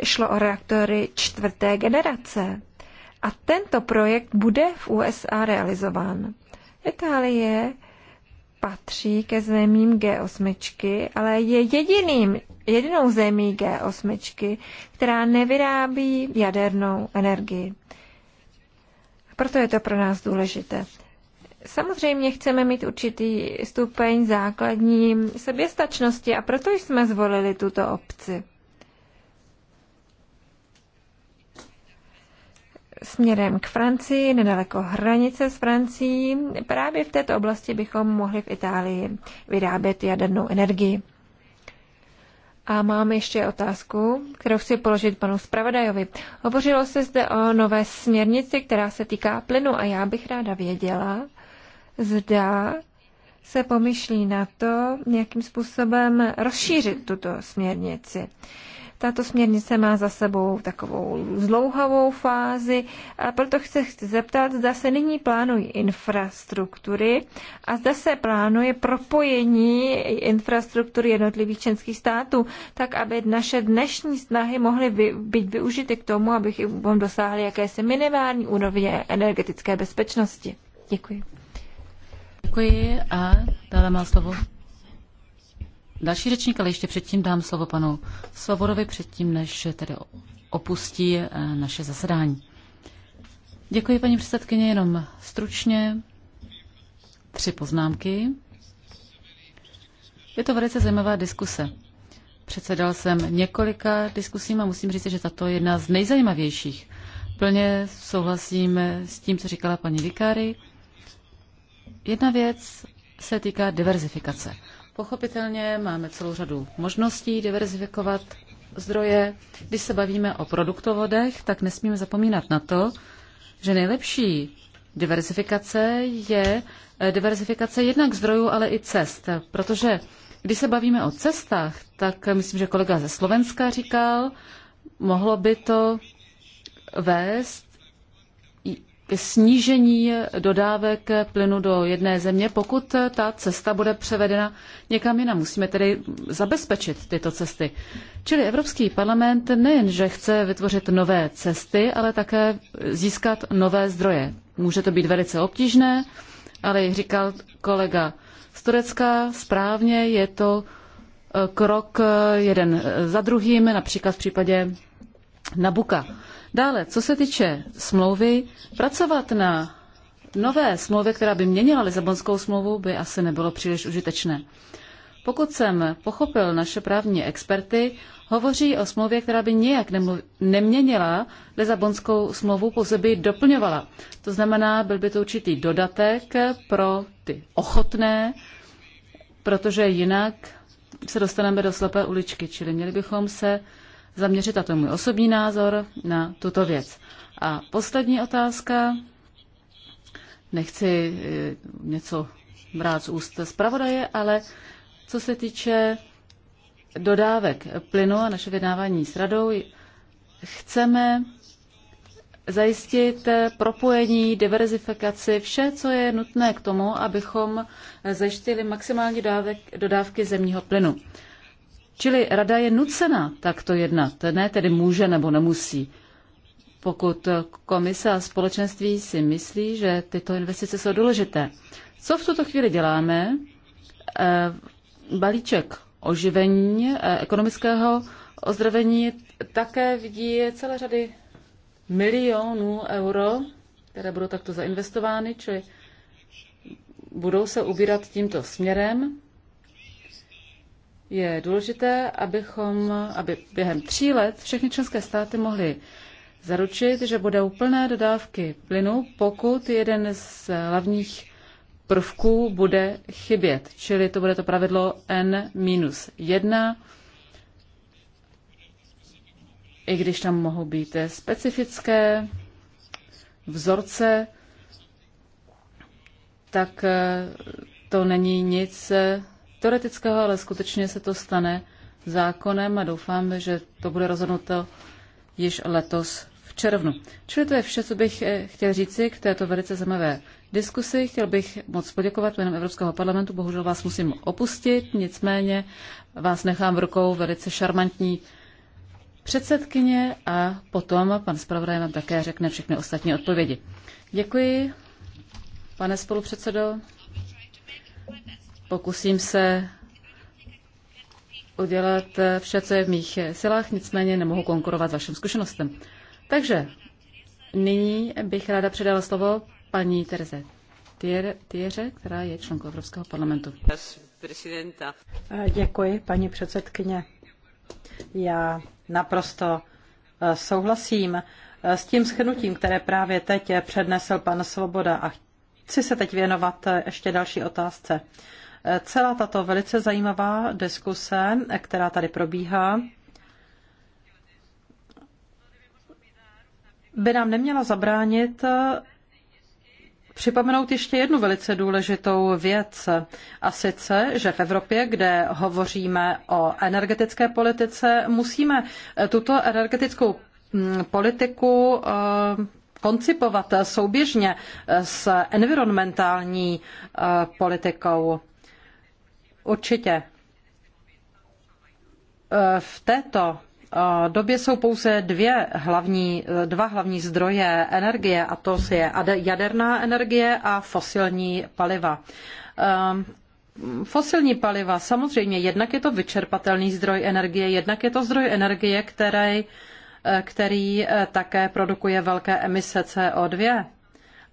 šlo o reaktory čtvrté generace. A tento projekt bude v USA realizován. Itálie patří ke zemím G8, ale je jediným, jedinou zemí G8, která nevyrábí jadernou energii. Proto je to pro nás důležité. Samozřejmě chceme mít určitý stupeň základní soběstačnosti a proto jsme zvolili tuto opci. směrem k Francii, nedaleko hranice s Francií. Právě v této oblasti bychom mohli v Itálii vyrábět jadernou energii. A mám ještě otázku, kterou chci položit panu Spravodajovi. Hovořilo se zde o nové směrnici, která se týká plynu a já bych ráda věděla, zda se pomyšlí na to, jakým způsobem rozšířit tuto směrnici. Tato směrnice má za sebou takovou zlouhavou fázi a proto se chci zeptat, zda se nyní plánují infrastruktury a zda se plánuje propojení infrastruktury jednotlivých členských států, tak aby naše dnešní snahy mohly být využity k tomu, abychom dosáhli jakési minimální úrovně energetické bezpečnosti. Děkuji. Děkuji a dále má slovo další řečník, ale ještě předtím dám slovo panu Svobodovi, předtím než tedy opustí eh, naše zasedání. Děkuji, paní předsedkyně, jenom stručně tři poznámky. Je to velice zajímavá diskuse. Předsedal jsem několika diskusím a musím říct, že tato je jedna z nejzajímavějších. Plně souhlasím s tím, co říkala paní Vikáry. Jedna věc se týká diverzifikace. Pochopitelně máme celou řadu možností diverzifikovat zdroje. Když se bavíme o produktovodech, tak nesmíme zapomínat na to, že nejlepší diverzifikace je eh, diverzifikace jednak zdrojů, ale i cest. Protože když se bavíme o cestách, tak myslím, že kolega ze Slovenska říkal, mohlo by to vést snížení dodávek plynu do jedné země, pokud ta cesta bude převedena někam jinam. Musíme tedy zabezpečit tyto cesty. Čili Evropský parlament nejenže chce vytvořit nové cesty, ale také získat nové zdroje. Může to být velice obtížné, ale jak říkal kolega z Turecka, správně je to eh, krok eh, jeden eh, za druhým, například v případě Nabuka. Dále, co se týče smlouvy, pracovat na nové smlouvě, která by měnila Lisabonskou smlouvu, by asi nebylo příliš užitečné. Pokud jsem pochopil naše právní experty, hovoří o smlouvě, která by nijak neměnila Lisabonskou smlouvu, pouze by ji doplňovala. To znamená, byl by to určitý dodatek pro ty ochotné, protože jinak se dostaneme do slepé uličky, čili měli bychom se zaměřit, a to je můj osobní názor, na tuto věc. A poslední otázka, nechci eh, něco brát z úst zpravodaje, ale co se týče dodávek plynu a naše vydávání s radou, chceme zajistit propojení, diverzifikaci, vše, co je nutné k tomu, abychom zajistili maximální dodávky zemního plynu. Čili rada je nucena takto jednat, ne tedy může nebo nemusí. Pokud komise a společenství si myslí, že tyto investice jsou důležité. Co v tuto chvíli děláme? Eh, balíček oživení, eh, ekonomického ozdravení také vidí celé řady milionů euro, které budou takto zainvestovány, čili budou se ubírat tímto směrem je důležité, abychom, aby během tří let všechny členské státy mohly zaručit, že budou plné dodávky plynu, pokud jeden z hlavních prvků bude chybět. Čili to bude to pravidlo N-1, i když tam mohou být specifické vzorce, tak to není nic teoretického, ale skutečně se to stane zákonem a doufám, že to bude rozhodnuto již letos v červnu. Čili to je vše, co bych eh, chtěl říci k této velice zajímavé diskusi. Chtěl bych moc poděkovat jménem Evropského parlamentu. Bohužel vás musím opustit, nicméně vás nechám v rukou velice šarmantní předsedkyně a potom pan zpravodaj nám také řekne všechny ostatní odpovědi. Děkuji, pane spolupředsedo. Pokusím se udělat vše, co je v mých silách, nicméně nemohu konkurovat vašim zkušenostem. Takže nyní bych ráda předala slovo paní Tereze Tyře, která je členkou Evropského parlamentu. Děkuji, paní předsedkyně. Já naprosto eh, souhlasím eh, s tím schnutím, které právě teď přednesl pan Svoboda a chci se teď věnovat eh, ještě další otázce celá tato velice zajímavá diskuse, která tady probíhá, by nám neměla zabránit eh, připomenout ještě jednu velice důležitou věc. A sice, že v Evropě, kde hovoříme o energetické politice, musíme eh, tuto energetickou mm, politiku eh, koncipovat souběžně s environmentální politikou. Určitě. E, v této e, době jsou pouze dvě hlavní, e, dva hlavní zdroje energie, a to je jaderná energie a fosilní paliva. Fosilní paliva, samozřejmě, jednak je to vyčerpatelný zdroj energie, jednak je to zdroj energie, který, který také produkuje velké emise CO2.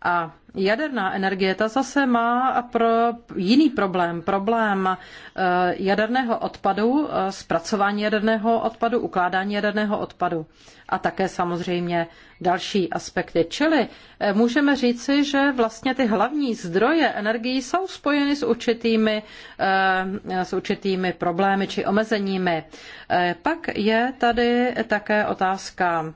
A jaderná energie, ta zase má pro jiný problém, problém eh, jaderného odpadu, eh, zpracování jaderného odpadu, ukládání jaderného odpadu a také samozřejmě další aspekty. Čili eh, můžeme říci, že vlastně ty hlavní zdroje energií jsou spojeny s určitými, s určitými problémy či omezeními. Pak je tady také otázka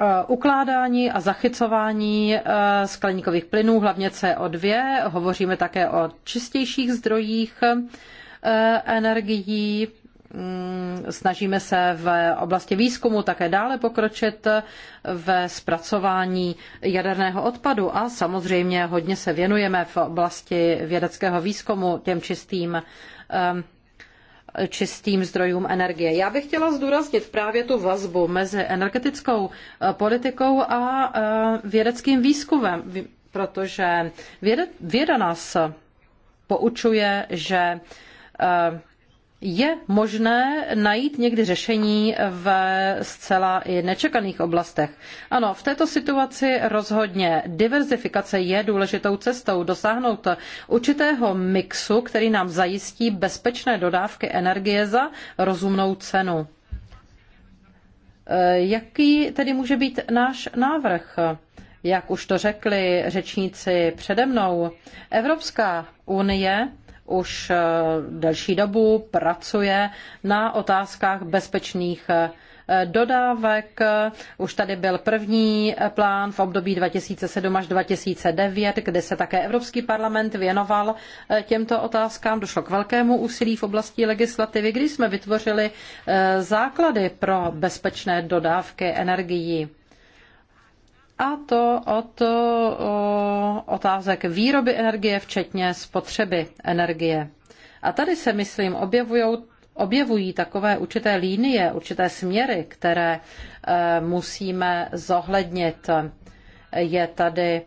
Eh, ukládání a zachycování eh, skleníkových plynů, hlavně CO2. Hovoříme také o čistějších zdrojích eh, energií. Mm, snažíme se v oblasti výzkumu také dále pokročit ve zpracování jaderného odpadu a samozřejmě hodně se věnujeme v oblasti vědeckého výzkumu těm čistým čistým zdrojům energie. Já bych chtěla zdůraznit právě tu vazbu mezi energetickou eh, politikou a eh, vědeckým výzkumem, protože věda, nás poučuje, že eh, je možné najít někdy řešení ve zcela i nečekaných oblastech. Ano, v této situaci rozhodně diverzifikace je důležitou cestou dosáhnout určitého mixu, který nám zajistí bezpečné dodávky energie za rozumnou cenu. Eh, jaký tedy může být náš návrh? Jak už to řekli řečníci přede mnou, Evropská unie už eh, delší dobu pracuje na otázkách bezpečných eh, dodávek. Už tady byl první eh, plán v období 2007 až 2009, kdy se také Evropský parlament věnoval těmto otázkám. Došlo k velkému úsilí v oblasti legislativy, kdy jsme vytvořili základy pro bezpečné dodávky energií a to od otázek výroby energie, včetně spotřeby energie. A tady se, myslím, objevují takové určité linie, určité směry, které e, musíme zohlednit. Je tady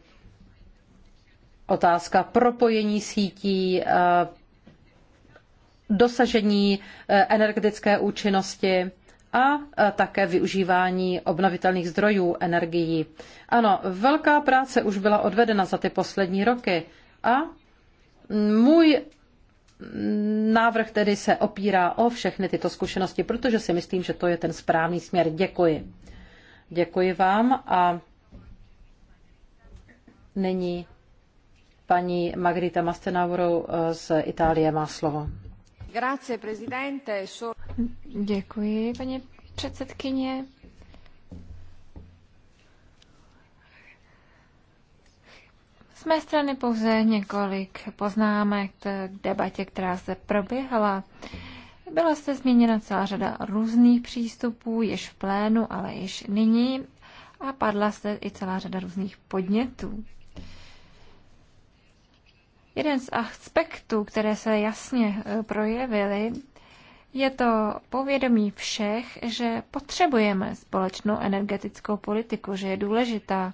otázka propojení sítí, e, dosažení e, energetické účinnosti a e, také využívání obnovitelných zdrojů energií. Ano, velká práce už byla odvedena za ty poslední roky a můj návrh tedy se opírá o všechny tyto zkušenosti, protože si myslím, že to je ten správný směr. Děkuji. Děkuji vám a nyní paní Magrita Mastenauro e, z Itálie má slovo. Děkuji, paní předsedkyně. Z mé strany pouze několik poznámek k debatě, která se proběhla. Byla se zmíněna celá řada různých přístupů, již v plénu, ale již nyní, a padla se i celá řada různých podnětů. Jeden z aspektů, které se jasně e, projevily, je to povědomí všech, že potřebujeme společnou energetickou politiku, že je důležitá.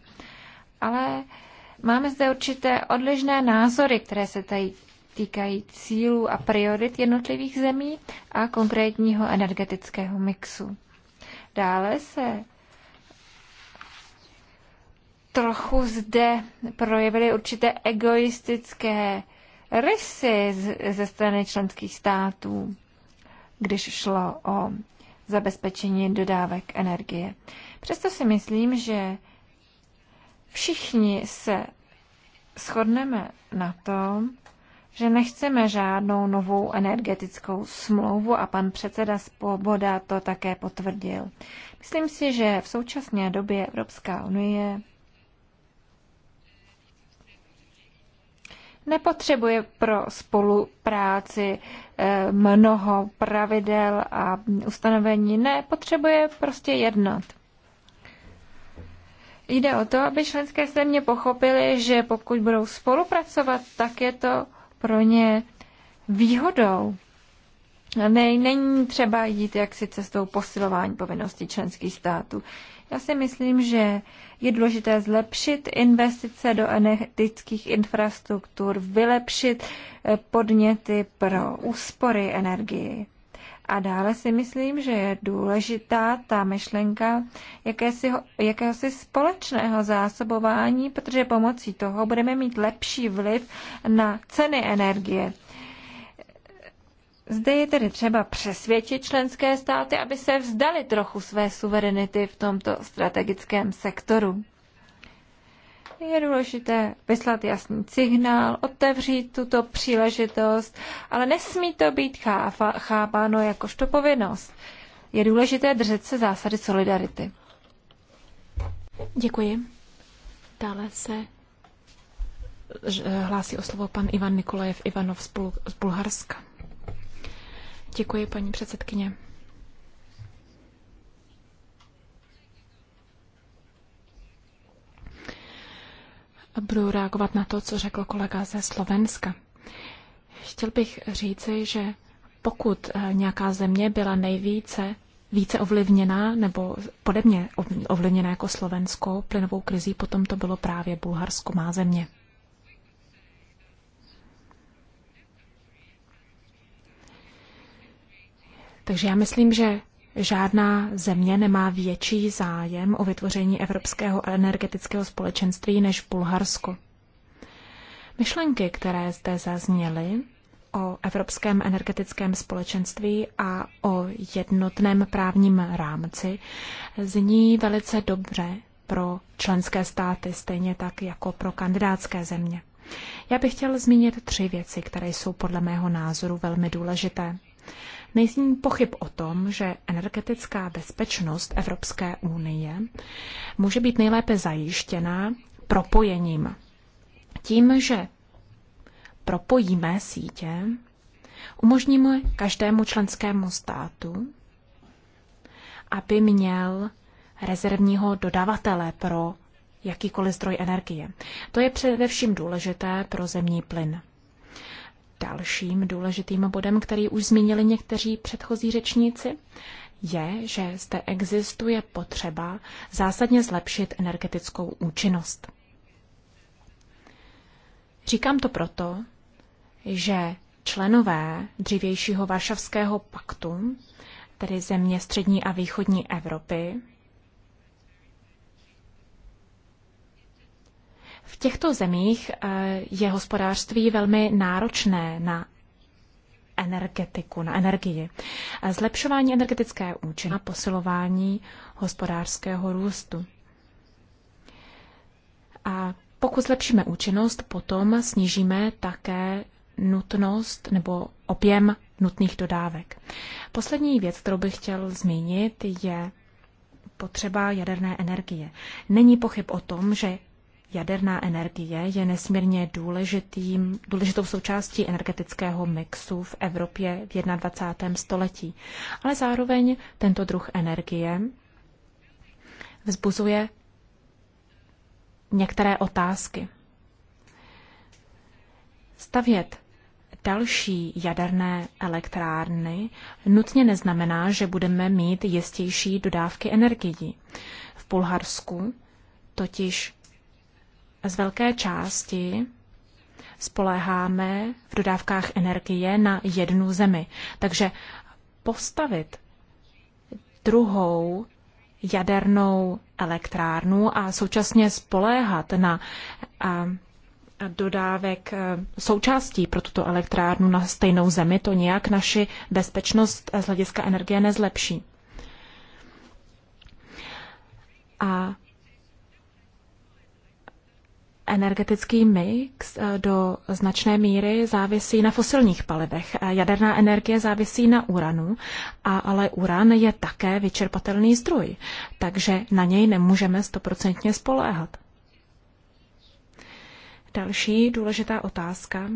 Ale máme zde určité odlišné názory, které se tady týkají cílů a priorit jednotlivých zemí a konkrétního energetického mixu. Dále se trochu zde projevily určité egoistické rysy ze strany členských států, když šlo o zabezpečení dodávek energie. Přesto si myslím, že všichni se shodneme na tom, že nechceme žádnou novou energetickou smlouvu a pan předseda Spoboda to také potvrdil. Myslím si, že v současné době Evropská unie nepotřebuje pro spolupráci eh, mnoho pravidel a ustanovení. Ne, potřebuje prostě jednat. Jde o to, aby členské země pochopily, že pokud budou spolupracovat, tak je to pro ně výhodou. Ne, není třeba jít jaksi cestou posilování povinností členských států. Já si myslím, že je důležité zlepšit investice do energetických infrastruktur, vylepšit eh, podněty pro úspory energii. A dále si myslím, že je důležitá ta myšlenka jakési, jakéhosi společného zásobování, protože pomocí toho budeme mít lepší vliv na ceny energie. Zde je tedy třeba přesvědčit členské státy, aby se vzdali trochu své suverenity v tomto strategickém sektoru. Je důležité vyslat jasný signál, otevřít tuto příležitost, ale nesmí to být chápáno jakožto povinnost. Je důležité držet se zásady solidarity. Děkuji. Dále se eh, hlásí o slovo pan Ivan Nikolajev Ivanov z, z Bulharska. Děkuji, paní předsedkyně. Budu reagovat na to, co řekl kolega ze Slovenska. Chtěl bych říci, že pokud eh, nějaká země byla nejvíce více ovlivněná nebo podobně ovlivněná jako Slovensko plynovou krizí, potom to bylo právě Bulharsko má země. Takže já myslím, že žádná země nemá větší zájem o vytvoření Evropského energetického společenství než Bulharsko. Myšlenky, které zde zazněly o Evropském energetickém společenství a o jednotném právním rámci, zní velice dobře pro členské státy, stejně tak jako pro kandidátské země. Já bych chtěl zmínit tři věci, které jsou podle mého názoru velmi důležité. Nejsem pochyb o tom, že energetická bezpečnost Evropské unie může být nejlépe zajištěna propojením. Tím, že propojíme sítě, umožníme každému členskému státu, aby měl rezervního dodavatele pro jakýkoliv zdroj energie. To je především důležité pro zemní plyn. Dalším důležitým bodem, který už zmínili někteří předchozí řečníci, je, že zde existuje potřeba zásadně zlepšit energetickou účinnost. Říkám to proto, že členové dřívějšího Varšavského paktu, tedy země střední a východní Evropy, V těchto zemích eh, je hospodářství velmi náročné na energetiku, na energii. Eh, zlepšování energetické účinnosti a posilování hospodářského růstu. A pokud zlepšíme účinnost, potom snížíme také nutnost nebo objem nutných dodávek. Poslední věc, kterou bych chtěl zmínit, je potřeba jaderné energie. Není pochyb o tom, že Jaderná energie je nesmírně důležitým, důležitou součástí energetického mixu v Evropě v 21. století, ale zároveň tento druh energie vzbuzuje některé otázky. Stavět další jaderné elektrárny nutně neznamená, že budeme mít jistější dodávky energií. V Bulharsku totiž z velké části spoléháme v dodávkách energie na jednu zemi. Takže postavit druhou jadernou elektrárnu a současně spoléhat na dodávek e, součástí pro tuto elektrárnu na stejnou zemi, to nějak naši bezpečnost z hlediska energie nezlepší. A energetický mix e, do značné míry závisí na fosilních palivech. E, jaderná energie závisí na uranu, a, ale uran je také vyčerpatelný zdroj, takže na něj nemůžeme stoprocentně spoléhat. Další důležitá otázka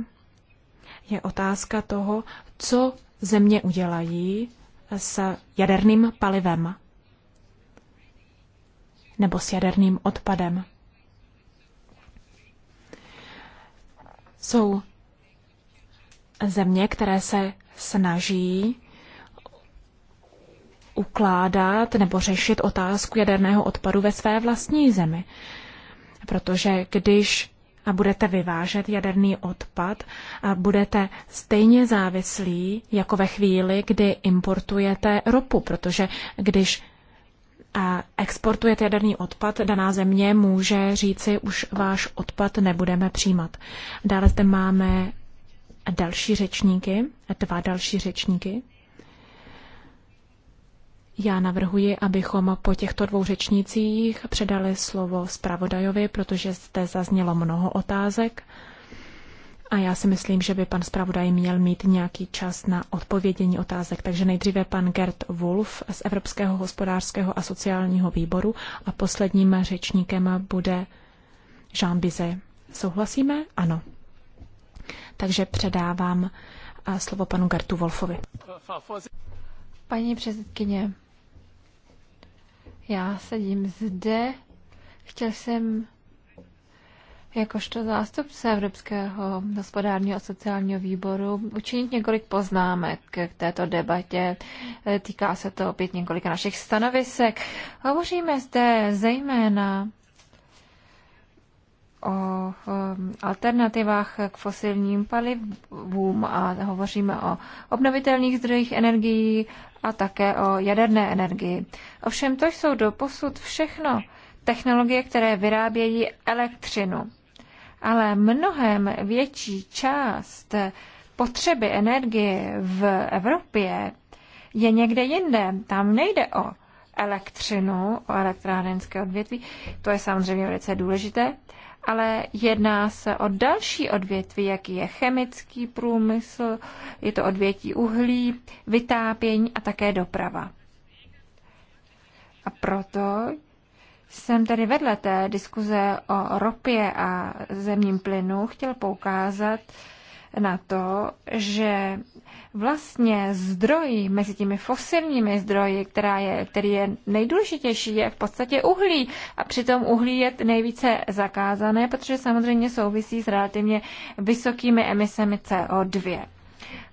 je otázka toho, co země udělají s jaderným palivem nebo s jaderným odpadem. Jsou země, které se snaží ukládat nebo řešit otázku jaderného odpadu ve své vlastní zemi. Protože když a budete vyvážet jaderný odpad a budete stejně závislí jako ve chvíli, kdy importujete ropu, protože když exportujete jaderný odpad, daná země může říci, už váš odpad nebudeme přijímat. Dále zde máme další řečníky, dva další řečníky. Já navrhuji, abychom po těchto dvou řečnících předali slovo zpravodajovi, protože zde zaznělo mnoho otázek. A já si myslím, že by pan zpravodaj měl mít nějaký čas na odpovědění otázek. Takže nejdříve pan Gert Wolf z Evropského hospodářského a sociálního výboru a posledním řečníkem bude Jean Bize. Souhlasíme? Ano. Takže předávám eh, slovo panu Gertu Wolfovi. Paní předsedkyně, já sedím zde. Chtěl jsem jakožto zástupce Evropského hospodárního a sociálního výboru učinit několik poznámek k této debatě. Týká se to opět několika našich stanovisek. Hovoříme zde zejména o um, alternativách k fosilním palivům a hovoříme o obnovitelných zdrojích energií a také o jaderné energii. Ovšem to jsou posud všechno technologie, které vyrábějí elektřinu ale mnohem větší část potřeby energie v Evropě je někde jinde. Tam nejde o elektřinu, o elektrárenské odvětví, to je samozřejmě velice důležité, ale jedná se o další odvětví, jaký je chemický průmysl, je to odvětví uhlí, vytápění a také doprava. A proto jsem tady vedle té diskuze o ropě a zemním plynu chtěl poukázat na to, že vlastně zdroj mezi těmi fosilními zdroji, která je, který je nejdůležitější, je v podstatě uhlí. A přitom uhlí je nejvíce zakázané, protože samozřejmě souvisí s relativně vysokými emisemi CO2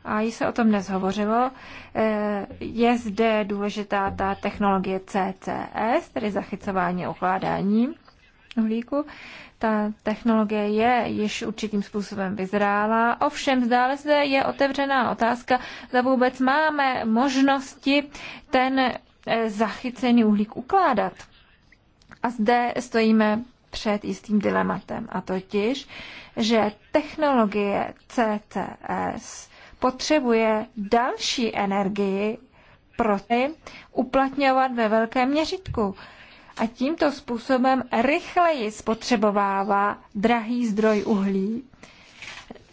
a již se o tom dnes hovořilo, eh, je zde důležitá ta technologie CCS, tedy zachycování a ukládání uhlíku. Ta technologie je již určitým způsobem vyzrála, ovšem zdále zde je otevřená otázka, zda vůbec máme možnosti ten eh, zachycený uhlík ukládat. A zde stojíme před jistým dilematem, a totiž, že technologie CCS potřebuje další energii pro ty uplatňovat ve velkém měřitku. A tímto způsobem rychleji spotřebovává drahý zdroj uhlí,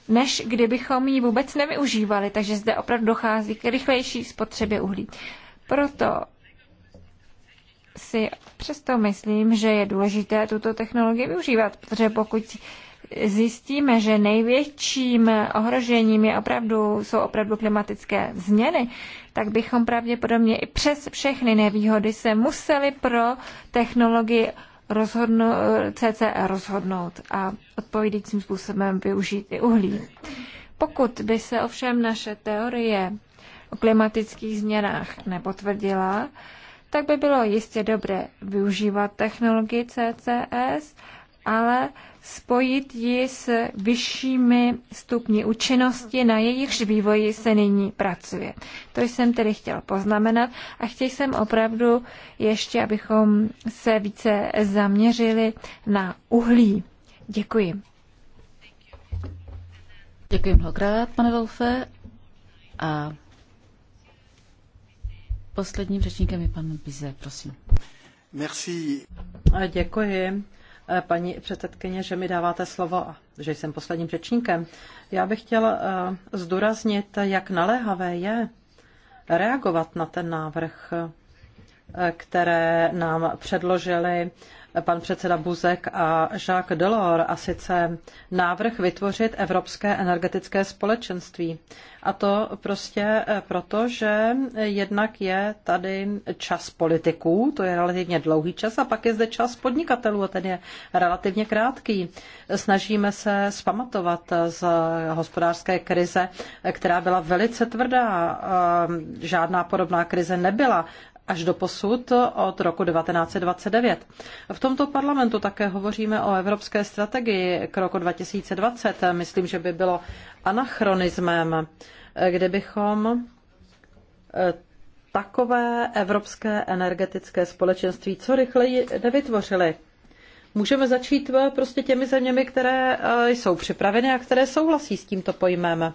než kdybychom ji vůbec nevyužívali. Takže zde opravdu dochází k rychlejší spotřebě uhlí. Proto si přesto myslím, že je důležité tuto technologii využívat, protože pokud zjistíme, že největším ohrožením je opravdu, jsou opravdu klimatické změny, tak bychom pravděpodobně i přes všechny nevýhody se museli pro technologii rozhodnu, CCR rozhodnout a odpovídajícím způsobem využít i uhlí. Pokud by se ovšem naše teorie o klimatických změnách nepotvrdila, tak by bylo jistě dobré využívat technologii CCS, ale spojit ji s vyššími stupni účinnosti, na jejichž vývoji se nyní pracuje. To jsem tedy chtěl poznamenat a chtěl jsem opravdu ještě, abychom se více zaměřili na uhlí. Děkuji. Děkuji mnohokrát, pane Wolfe. A posledním řečníkem je pan Bize, prosím. Merci. A děkuji. Eh, paní předsedkyně, že mi dáváte slovo a že jsem posledním řečníkem. Já bych chtěl eh, zdůraznit, jak naléhavé je reagovat na ten návrh, eh, které nám předložili pan předseda Buzek a Jacques Delors, a sice návrh vytvořit Evropské energetické společenství. A to prostě eh, proto, že jednak je tady čas politiků, to je relativně dlouhý čas, a pak je zde čas podnikatelů, a ten je relativně krátký. Snažíme se spamatovat z hospodářské krize, eh, která byla velice tvrdá. Eh, žádná podobná krize nebyla až do posud od roku 1929. V tomto parlamentu také hovoříme o evropské strategii k roku 2020. Myslím, že by bylo anachronismem, kdybychom eh, takové evropské energetické společenství co rychleji nevytvořili. Můžeme začít eh, prostě těmi zeměmi, které eh, jsou připraveny a které souhlasí s tímto pojmem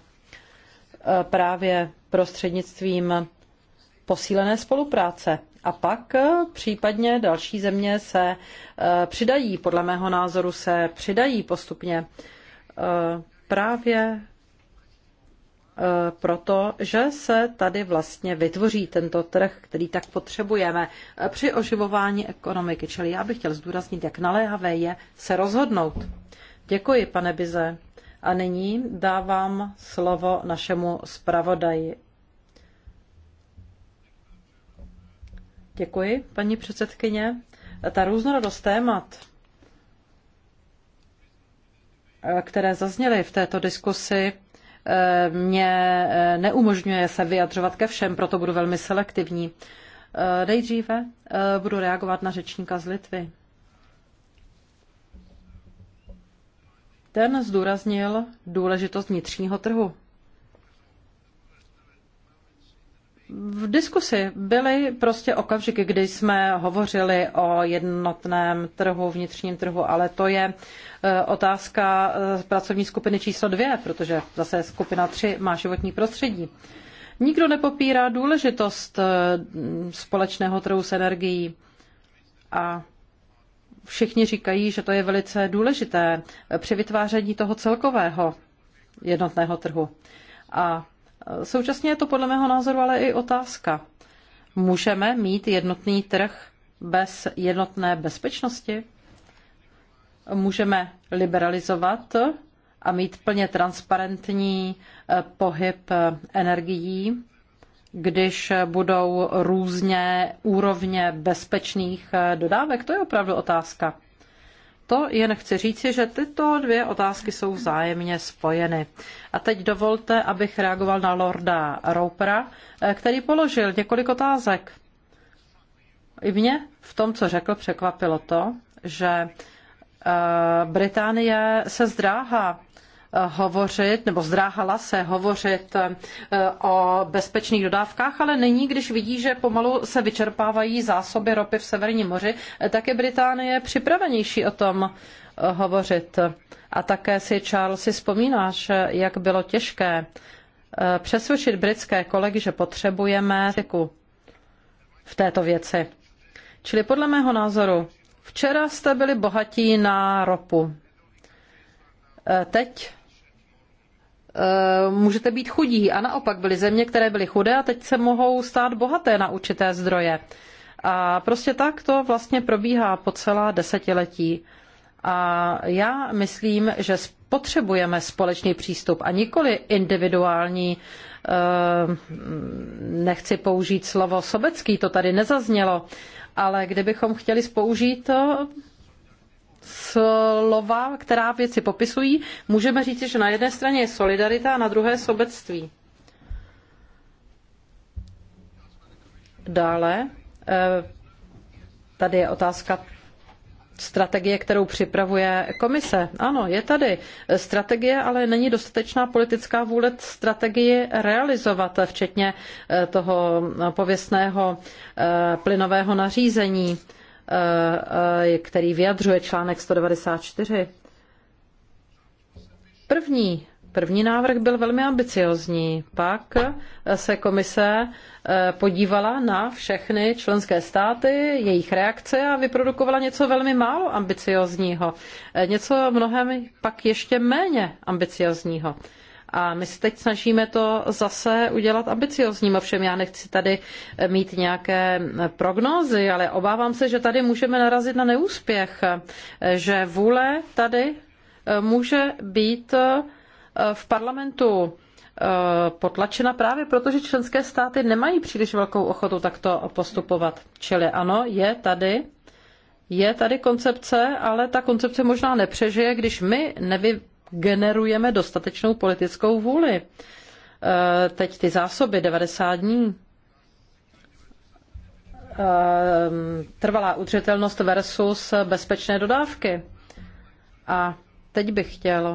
právě prostřednictvím posílené spolupráce. A pak eh, případně další země se eh, přidají, podle mého názoru se přidají postupně eh, právě proto, že se tady vlastně vytvoří tento trh, který tak potřebujeme při oživování ekonomiky. Čili já bych chtěl zdůraznit, jak naléhavé je se rozhodnout. Děkuji, pane Bize. A nyní dávám slovo našemu zpravodaji Děkuji, paní předsedkyně. Ta různorodost témat, které zazněly v této diskusi, mě neumožňuje se vyjadřovat ke všem, proto budu velmi selektivní. Nejdříve budu reagovat na řečníka z Litvy. Ten zdůraznil důležitost vnitřního trhu. v diskusi byly prostě okamžiky, kdy jsme hovořili o jednotném trhu, vnitřním trhu, ale to je e, otázka e, pracovní skupiny číslo dvě, protože zase skupina tři má životní prostředí. Nikdo nepopírá důležitost e, společného trhu s energií a všichni říkají, že to je velice důležité při vytváření toho celkového jednotného trhu. A Současně je to podle mého názoru ale i otázka. Můžeme mít jednotný trh bez jednotné bezpečnosti? Můžeme liberalizovat a mít plně transparentní eh, pohyb eh, energií, když budou různé úrovně bezpečných eh, dodávek? To je opravdu otázka to jen chci říci, že tyto dvě otázky jsou vzájemně spojeny. A teď dovolte, abych reagoval na Lorda Roupera, eh, který položil několik otázek. I mě v tom, co řekl, překvapilo to, že eh, Británie se zdráhá hovořit, nebo zdráhala se hovořit eh, o bezpečných dodávkách, ale nyní, když vidí, že pomalu se vyčerpávají zásoby ropy v Severním moři, tak je Británie připravenější o tom eh, hovořit. A také si, Charles, si vzpomínáš, eh, jak bylo těžké přesvědčit britské kolegy, že potřebujeme v této věci. Čili podle mého názoru, včera jste byli bohatí na ropu. Teď Eh, můžete být chudí. A naopak byly země, které byly chudé a teď se mohou stát bohaté na určité zdroje. A prostě tak to vlastně probíhá po celá desetiletí. A já myslím, že potřebujeme společný přístup a nikoli individuální, eh, nechci použít slovo sobecký, to tady nezaznělo, ale kdybychom chtěli použít eh, slova, která věci popisují, můžeme říct, že na jedné straně je solidarita a na druhé sobectví. Dále, eh, tady je otázka strategie, kterou připravuje komise. Ano, je tady strategie, ale není dostatečná politická vůle strategii realizovat, včetně eh, toho pověstného eh, plynového nařízení Eh, eh, který vyjadřuje článek 194. První První návrh byl velmi ambiciozní. Pak eh, se komise podívala na všechny členské státy, jejich reakce a vyprodukovala něco velmi málo ambiciozního. Něco mnohem pak ještě méně ambiciozního. A my se teď snažíme to zase udělat ambiciozním. Ovšem já nechci tady mít nějaké prognózy, ale obávám se, že tady můžeme narazit na neúspěch, že vůle tady eh, může být eh, v parlamentu eh, potlačena právě proto, že členské státy nemají příliš velkou ochotu takto postupovat. Čili ano, je tady je tady koncepce, ale ta koncepce možná nepřežije, když my nevy, generujeme dostatečnou politickou vůli. E, teď ty zásoby 90 dní. E, trvalá udržitelnost versus bezpečné dodávky. A teď bych chtěl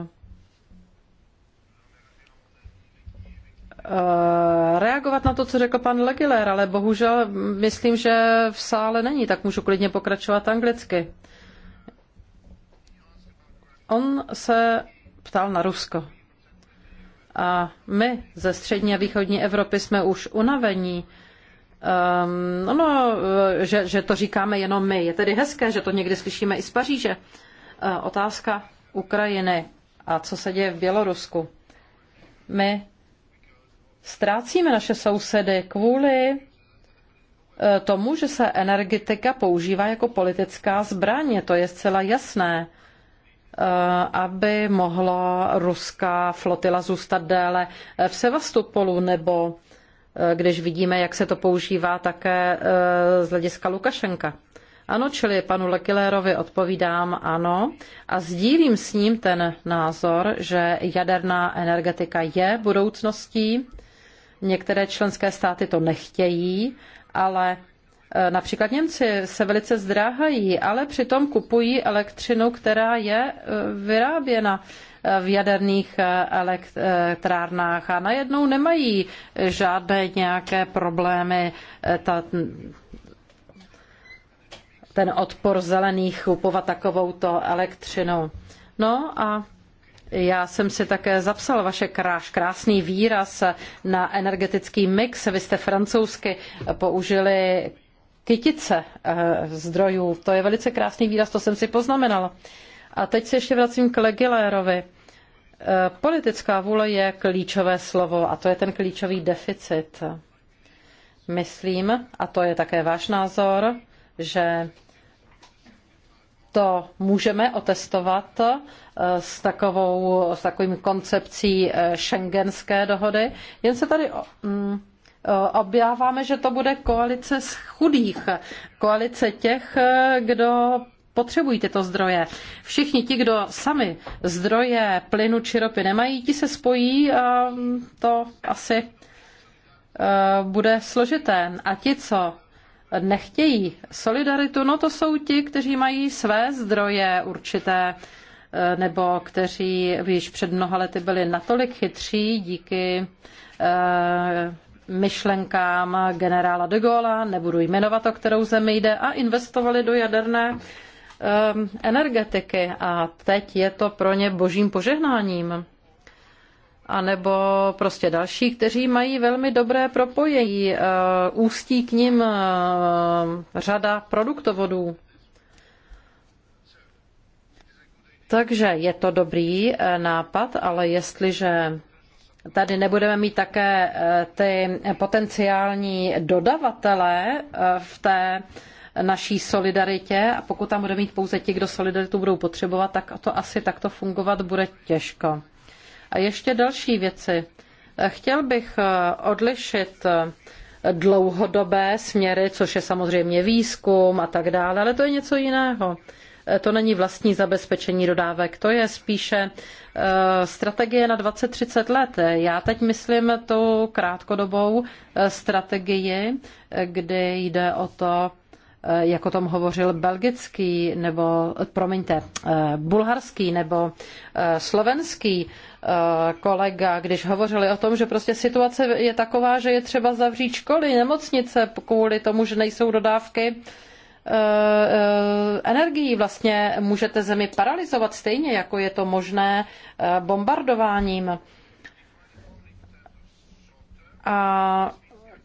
e, reagovat na to, co řekl pan Legiller, ale bohužel myslím, že v sále není, tak můžu klidně pokračovat anglicky. On se ptal na Rusko. A my ze střední a východní Evropy jsme už unavení. Um, ehm, ono, eh, že, že to říkáme jenom my. Je tedy hezké, že to někdy slyšíme i z Paříže. Uh, otázka Ukrajiny a co se děje v Bělorusku. My ztrácíme naše sousedy kvůli eh, tomu, že se energetika používá jako politická zbraně. To je zcela jasné. Eh, aby mohla ruská flotila zůstat déle v Sevastopolu, nebo eh, když vidíme, jak se to používá také eh, z hlediska Lukašenka. Ano, čili panu Lekilérovi odpovídám ano a sdílím s ním ten názor, že jaderná energetika je budoucností. Některé členské státy to nechtějí, ale Eh, například Němci se velice zdráhají, ale přitom kupují elektřinu, která je eh, vyráběna eh, v jaderných elektrárnách a najednou nemají žádné nějaké problémy. Ta, ten odpor zelených kupovat takovouto elektřinu. No a já jsem si také zapsal vaše kráš, krásný výraz na energetický mix. Vy jste francouzsky použili kytice eh, zdrojů. To je velice krásný výraz, to jsem si poznamenala. A teď se ještě vracím k Legilérovi. Eh, politická vůle je klíčové slovo a to je ten klíčový deficit. Myslím, a to je také váš názor, že to můžeme otestovat eh, s, takovou, s takovým koncepcí šengenské dohody. Jen se tady mm, Eh, objáváme, že to bude koalice z chudých, koalice těch, eh, kdo potřebují tyto zdroje. Všichni ti, kdo sami zdroje plynu či ropy nemají, ti se spojí a ehm, to asi eh, bude složité. A ti, co nechtějí solidaritu, no to jsou ti, kteří mají své zdroje určité, nebo kteří již před mnoha lety byli natolik chytří díky myšlenkám generála de Gaulle, nebudu jmenovat, o kterou zemi jde, a investovali do jaderné um, energetiky. A teď je to pro ně božím požehnáním. A nebo prostě další, kteří mají velmi dobré propojení. Uh, ústí k ním uh, eh, řada produktovodů. Takže je to dobrý eh, nápad, ale jestliže tady nebudeme mít také eh, ty potenciální dodavatele eh, v té naší solidaritě a pokud tam bude mít pouze ti, kdo solidaritu budou potřebovat, tak to asi takto fungovat bude těžko. A ještě další věci. Eh, chtěl bych odlišit dlouhodobé směry, což je samozřejmě výzkum a tak dále, ale to je něco jiného. Eh, to není vlastní zabezpečení dodávek, to je spíše eh, strategie na 20-30 let. Já teď myslím tu krátkodobou eh, strategii, kdy jde o to, jako tom hovořil belgický nebo, promiňte, bulharský nebo slovenský kolega, když hovořili o tom, že prostě situace je taková, že je třeba zavřít školy, nemocnice kvůli tomu, že nejsou dodávky Eh, eh, energií vlastně můžete zemi paralizovat stejně, jako je to možné eh, bombardováním. A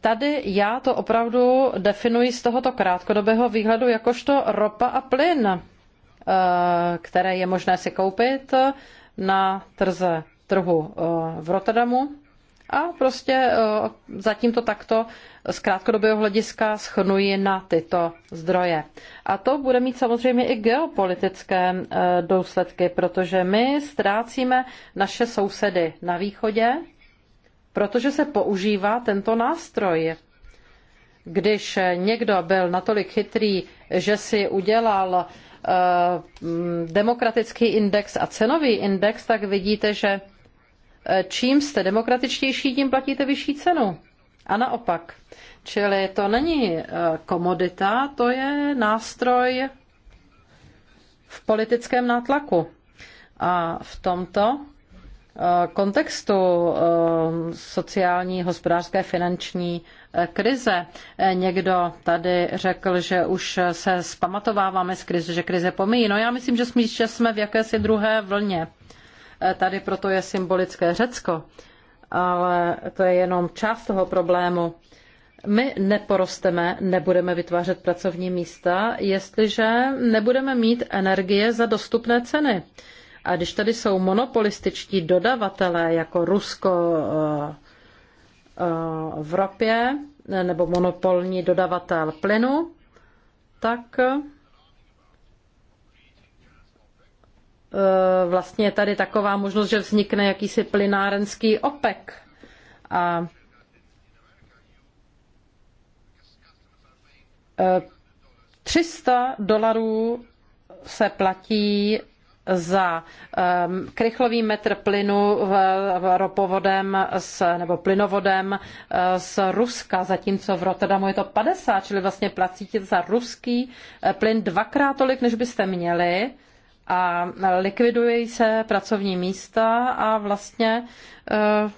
tady já to opravdu definuji z tohoto krátkodobého výhledu jakožto ropa a plyn, které je možné si koupit na trze trhu v Rotterdamu a prostě eh, zatím to takto z krátkodobého hlediska schrnuji na tyto zdroje. A to bude mít samozřejmě i geopolitické eh, důsledky, protože my ztrácíme naše sousedy na východě, protože se používá tento nástroj. Když někdo byl natolik chytrý, že si udělal eh, demokratický index a cenový index, tak vidíte, že čím jste demokratičtější, tím platíte vyšší cenu. A naopak. Čili to není e, komodita, to je nástroj v politickém nátlaku. A v tomto e, kontextu e, sociální, hospodářské, finanční krize. Někdo tady řekl, že už se spamatováváme z krize, že krize pomíjí. No já myslím, že jsme v jakési druhé vlně. Tady proto je symbolické Řecko, ale to je jenom část toho problému. My neporosteme, nebudeme vytvářet pracovní místa, jestliže nebudeme mít energie za dostupné ceny. A když tady jsou monopolističtí dodavatelé jako Rusko eh, eh, v ropě nebo monopolní dodavatel plynu, tak eh, Eh, vlastně je tady taková možnost, že vznikne jakýsi plynárenský OPEC. A e, eh, 300 dolarů se platí za um, krychlový metr plynu v, v ropovodem s, nebo plynovodem z Ruska, zatímco v Rotterdamu je to 50, čili vlastně platíte za ruský plyn dvakrát tolik, než byste měli a likvidují se pracovní místa a vlastně eh,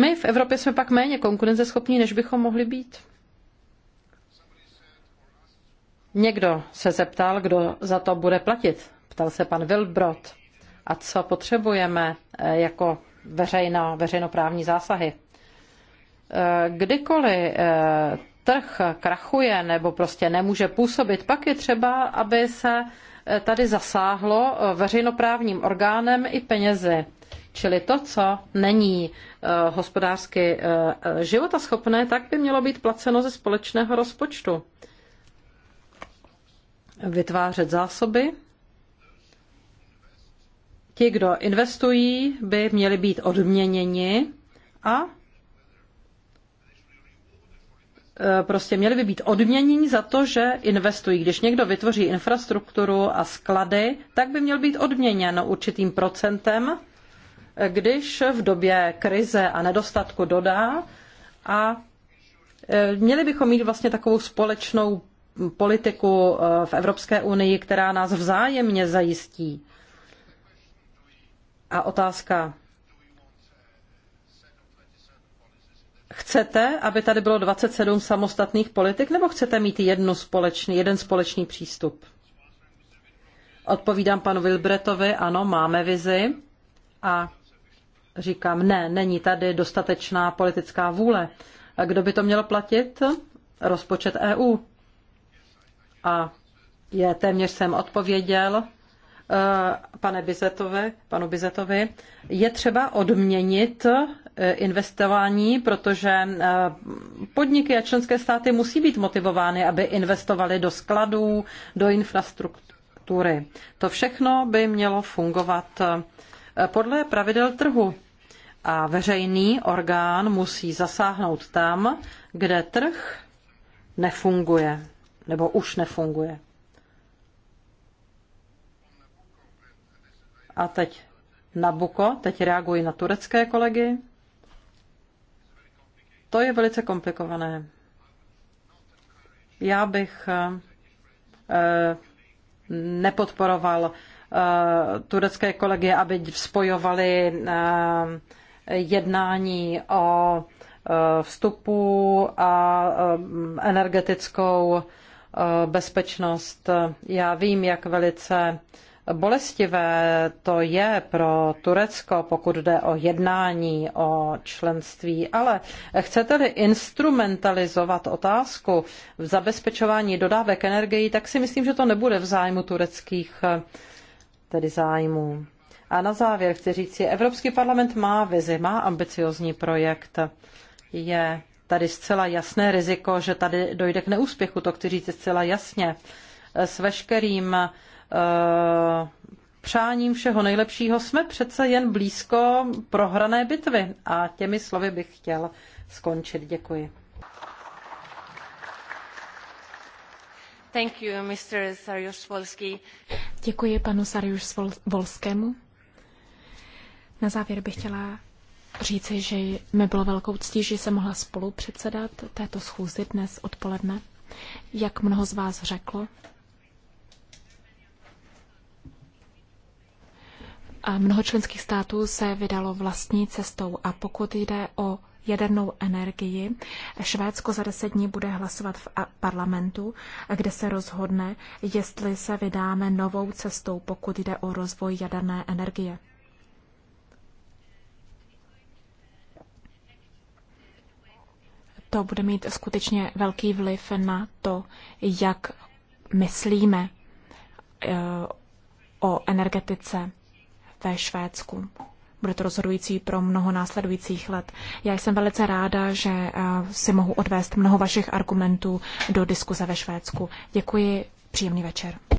my v Evropě jsme pak méně konkurenceschopní, než bychom mohli být. Někdo se zeptal, kdo za to bude platit. Ptal se pan Wilbrod. A co potřebujeme eh, jako veřejno, veřejnoprávní zásahy? Eh, Kdykoliv trh krachuje nebo prostě nemůže působit, pak je třeba, aby se Eh, tady zasáhlo eh, veřejnoprávním orgánem i penězi. Čili to, co není eh, hospodářsky životaschopné, tak by mělo být placeno ze společného rozpočtu. Vytvářet zásoby. Ti, kdo investují, by měli být odměněni a Eh, prostě měli by být odměněni za to, že investují. Když někdo vytvoří infrastrukturu a sklady, tak by měl být odměněn určitým procentem, eh, když v době krize a nedostatku dodá a eh, měli bychom mít vlastně takovou společnou politiku v Evropské unii, která nás vzájemně zajistí. A otázka Chcete, aby tady bylo 27 samostatných politik, nebo chcete mít jednu společný, jeden společný přístup? Odpovídám panu Wilbretovi, ano, máme vizi a říkám, ne, není tady dostatečná politická vůle. A kdo by to měl platit? Rozpočet EU. A je, téměř jsem odpověděl eh, pane Bizetovi, panu Bizetovi, je třeba odměnit E, investování, protože e, podniky a členské státy musí být motivovány, aby investovali do skladů, do infrastruktury. To všechno by mělo fungovat e, podle pravidel trhu. A veřejný orgán musí zasáhnout tam, kde trh nefunguje nebo už nefunguje. A teď Nabuko, teď reaguji na turecké kolegy. To je velice komplikované. Já bych eh, nepodporoval eh, turecké kolegy, aby spojovali eh, jednání o vstupu a energetickou bezpečnost. Já vím, jak velice bolestivé to je pro Turecko, pokud jde o jednání o členství, ale chcete-li instrumentalizovat otázku v zabezpečování dodávek energií, tak si myslím, že to nebude v zájmu tureckých tedy zájmů. A na závěr chci říct, že Evropský parlament má vizi, má ambiciozní projekt. Je tady zcela jasné riziko, že tady dojde k neúspěchu, to chci říct zcela jasně. S veškerým Eh, přáním všeho nejlepšího jsme přece jen blízko prohrané bitvy. A těmi slovy bych chtěl skončit. Děkuji. Thank you, Mr. wolski Děkuji panu Sarjusz-Wolskému. Na závěr bych chtěla říci, že mi bylo velkou ctí, že jsem mohla spolu předsedat této schůzi dnes odpoledne. Jak mnoho z vás řeklo, A mnoho členských států se vydalo vlastní cestou a pokud jde o jadernou energii. Švédsko za deset dní bude hlasovat v parlamentu, kde se rozhodne, jestli se vydáme novou cestou, pokud jde o rozvoj jaderné energie. To bude mít skutečně velký vliv na to, jak myslíme eh, o energetice ve Švédsku. Bude to rozhodující pro mnoho následujících let. Já jsem velice ráda, že eh, si mohu odvést mnoho vašich argumentů do diskuze ve Švédsku. Děkuji, příjemný večer.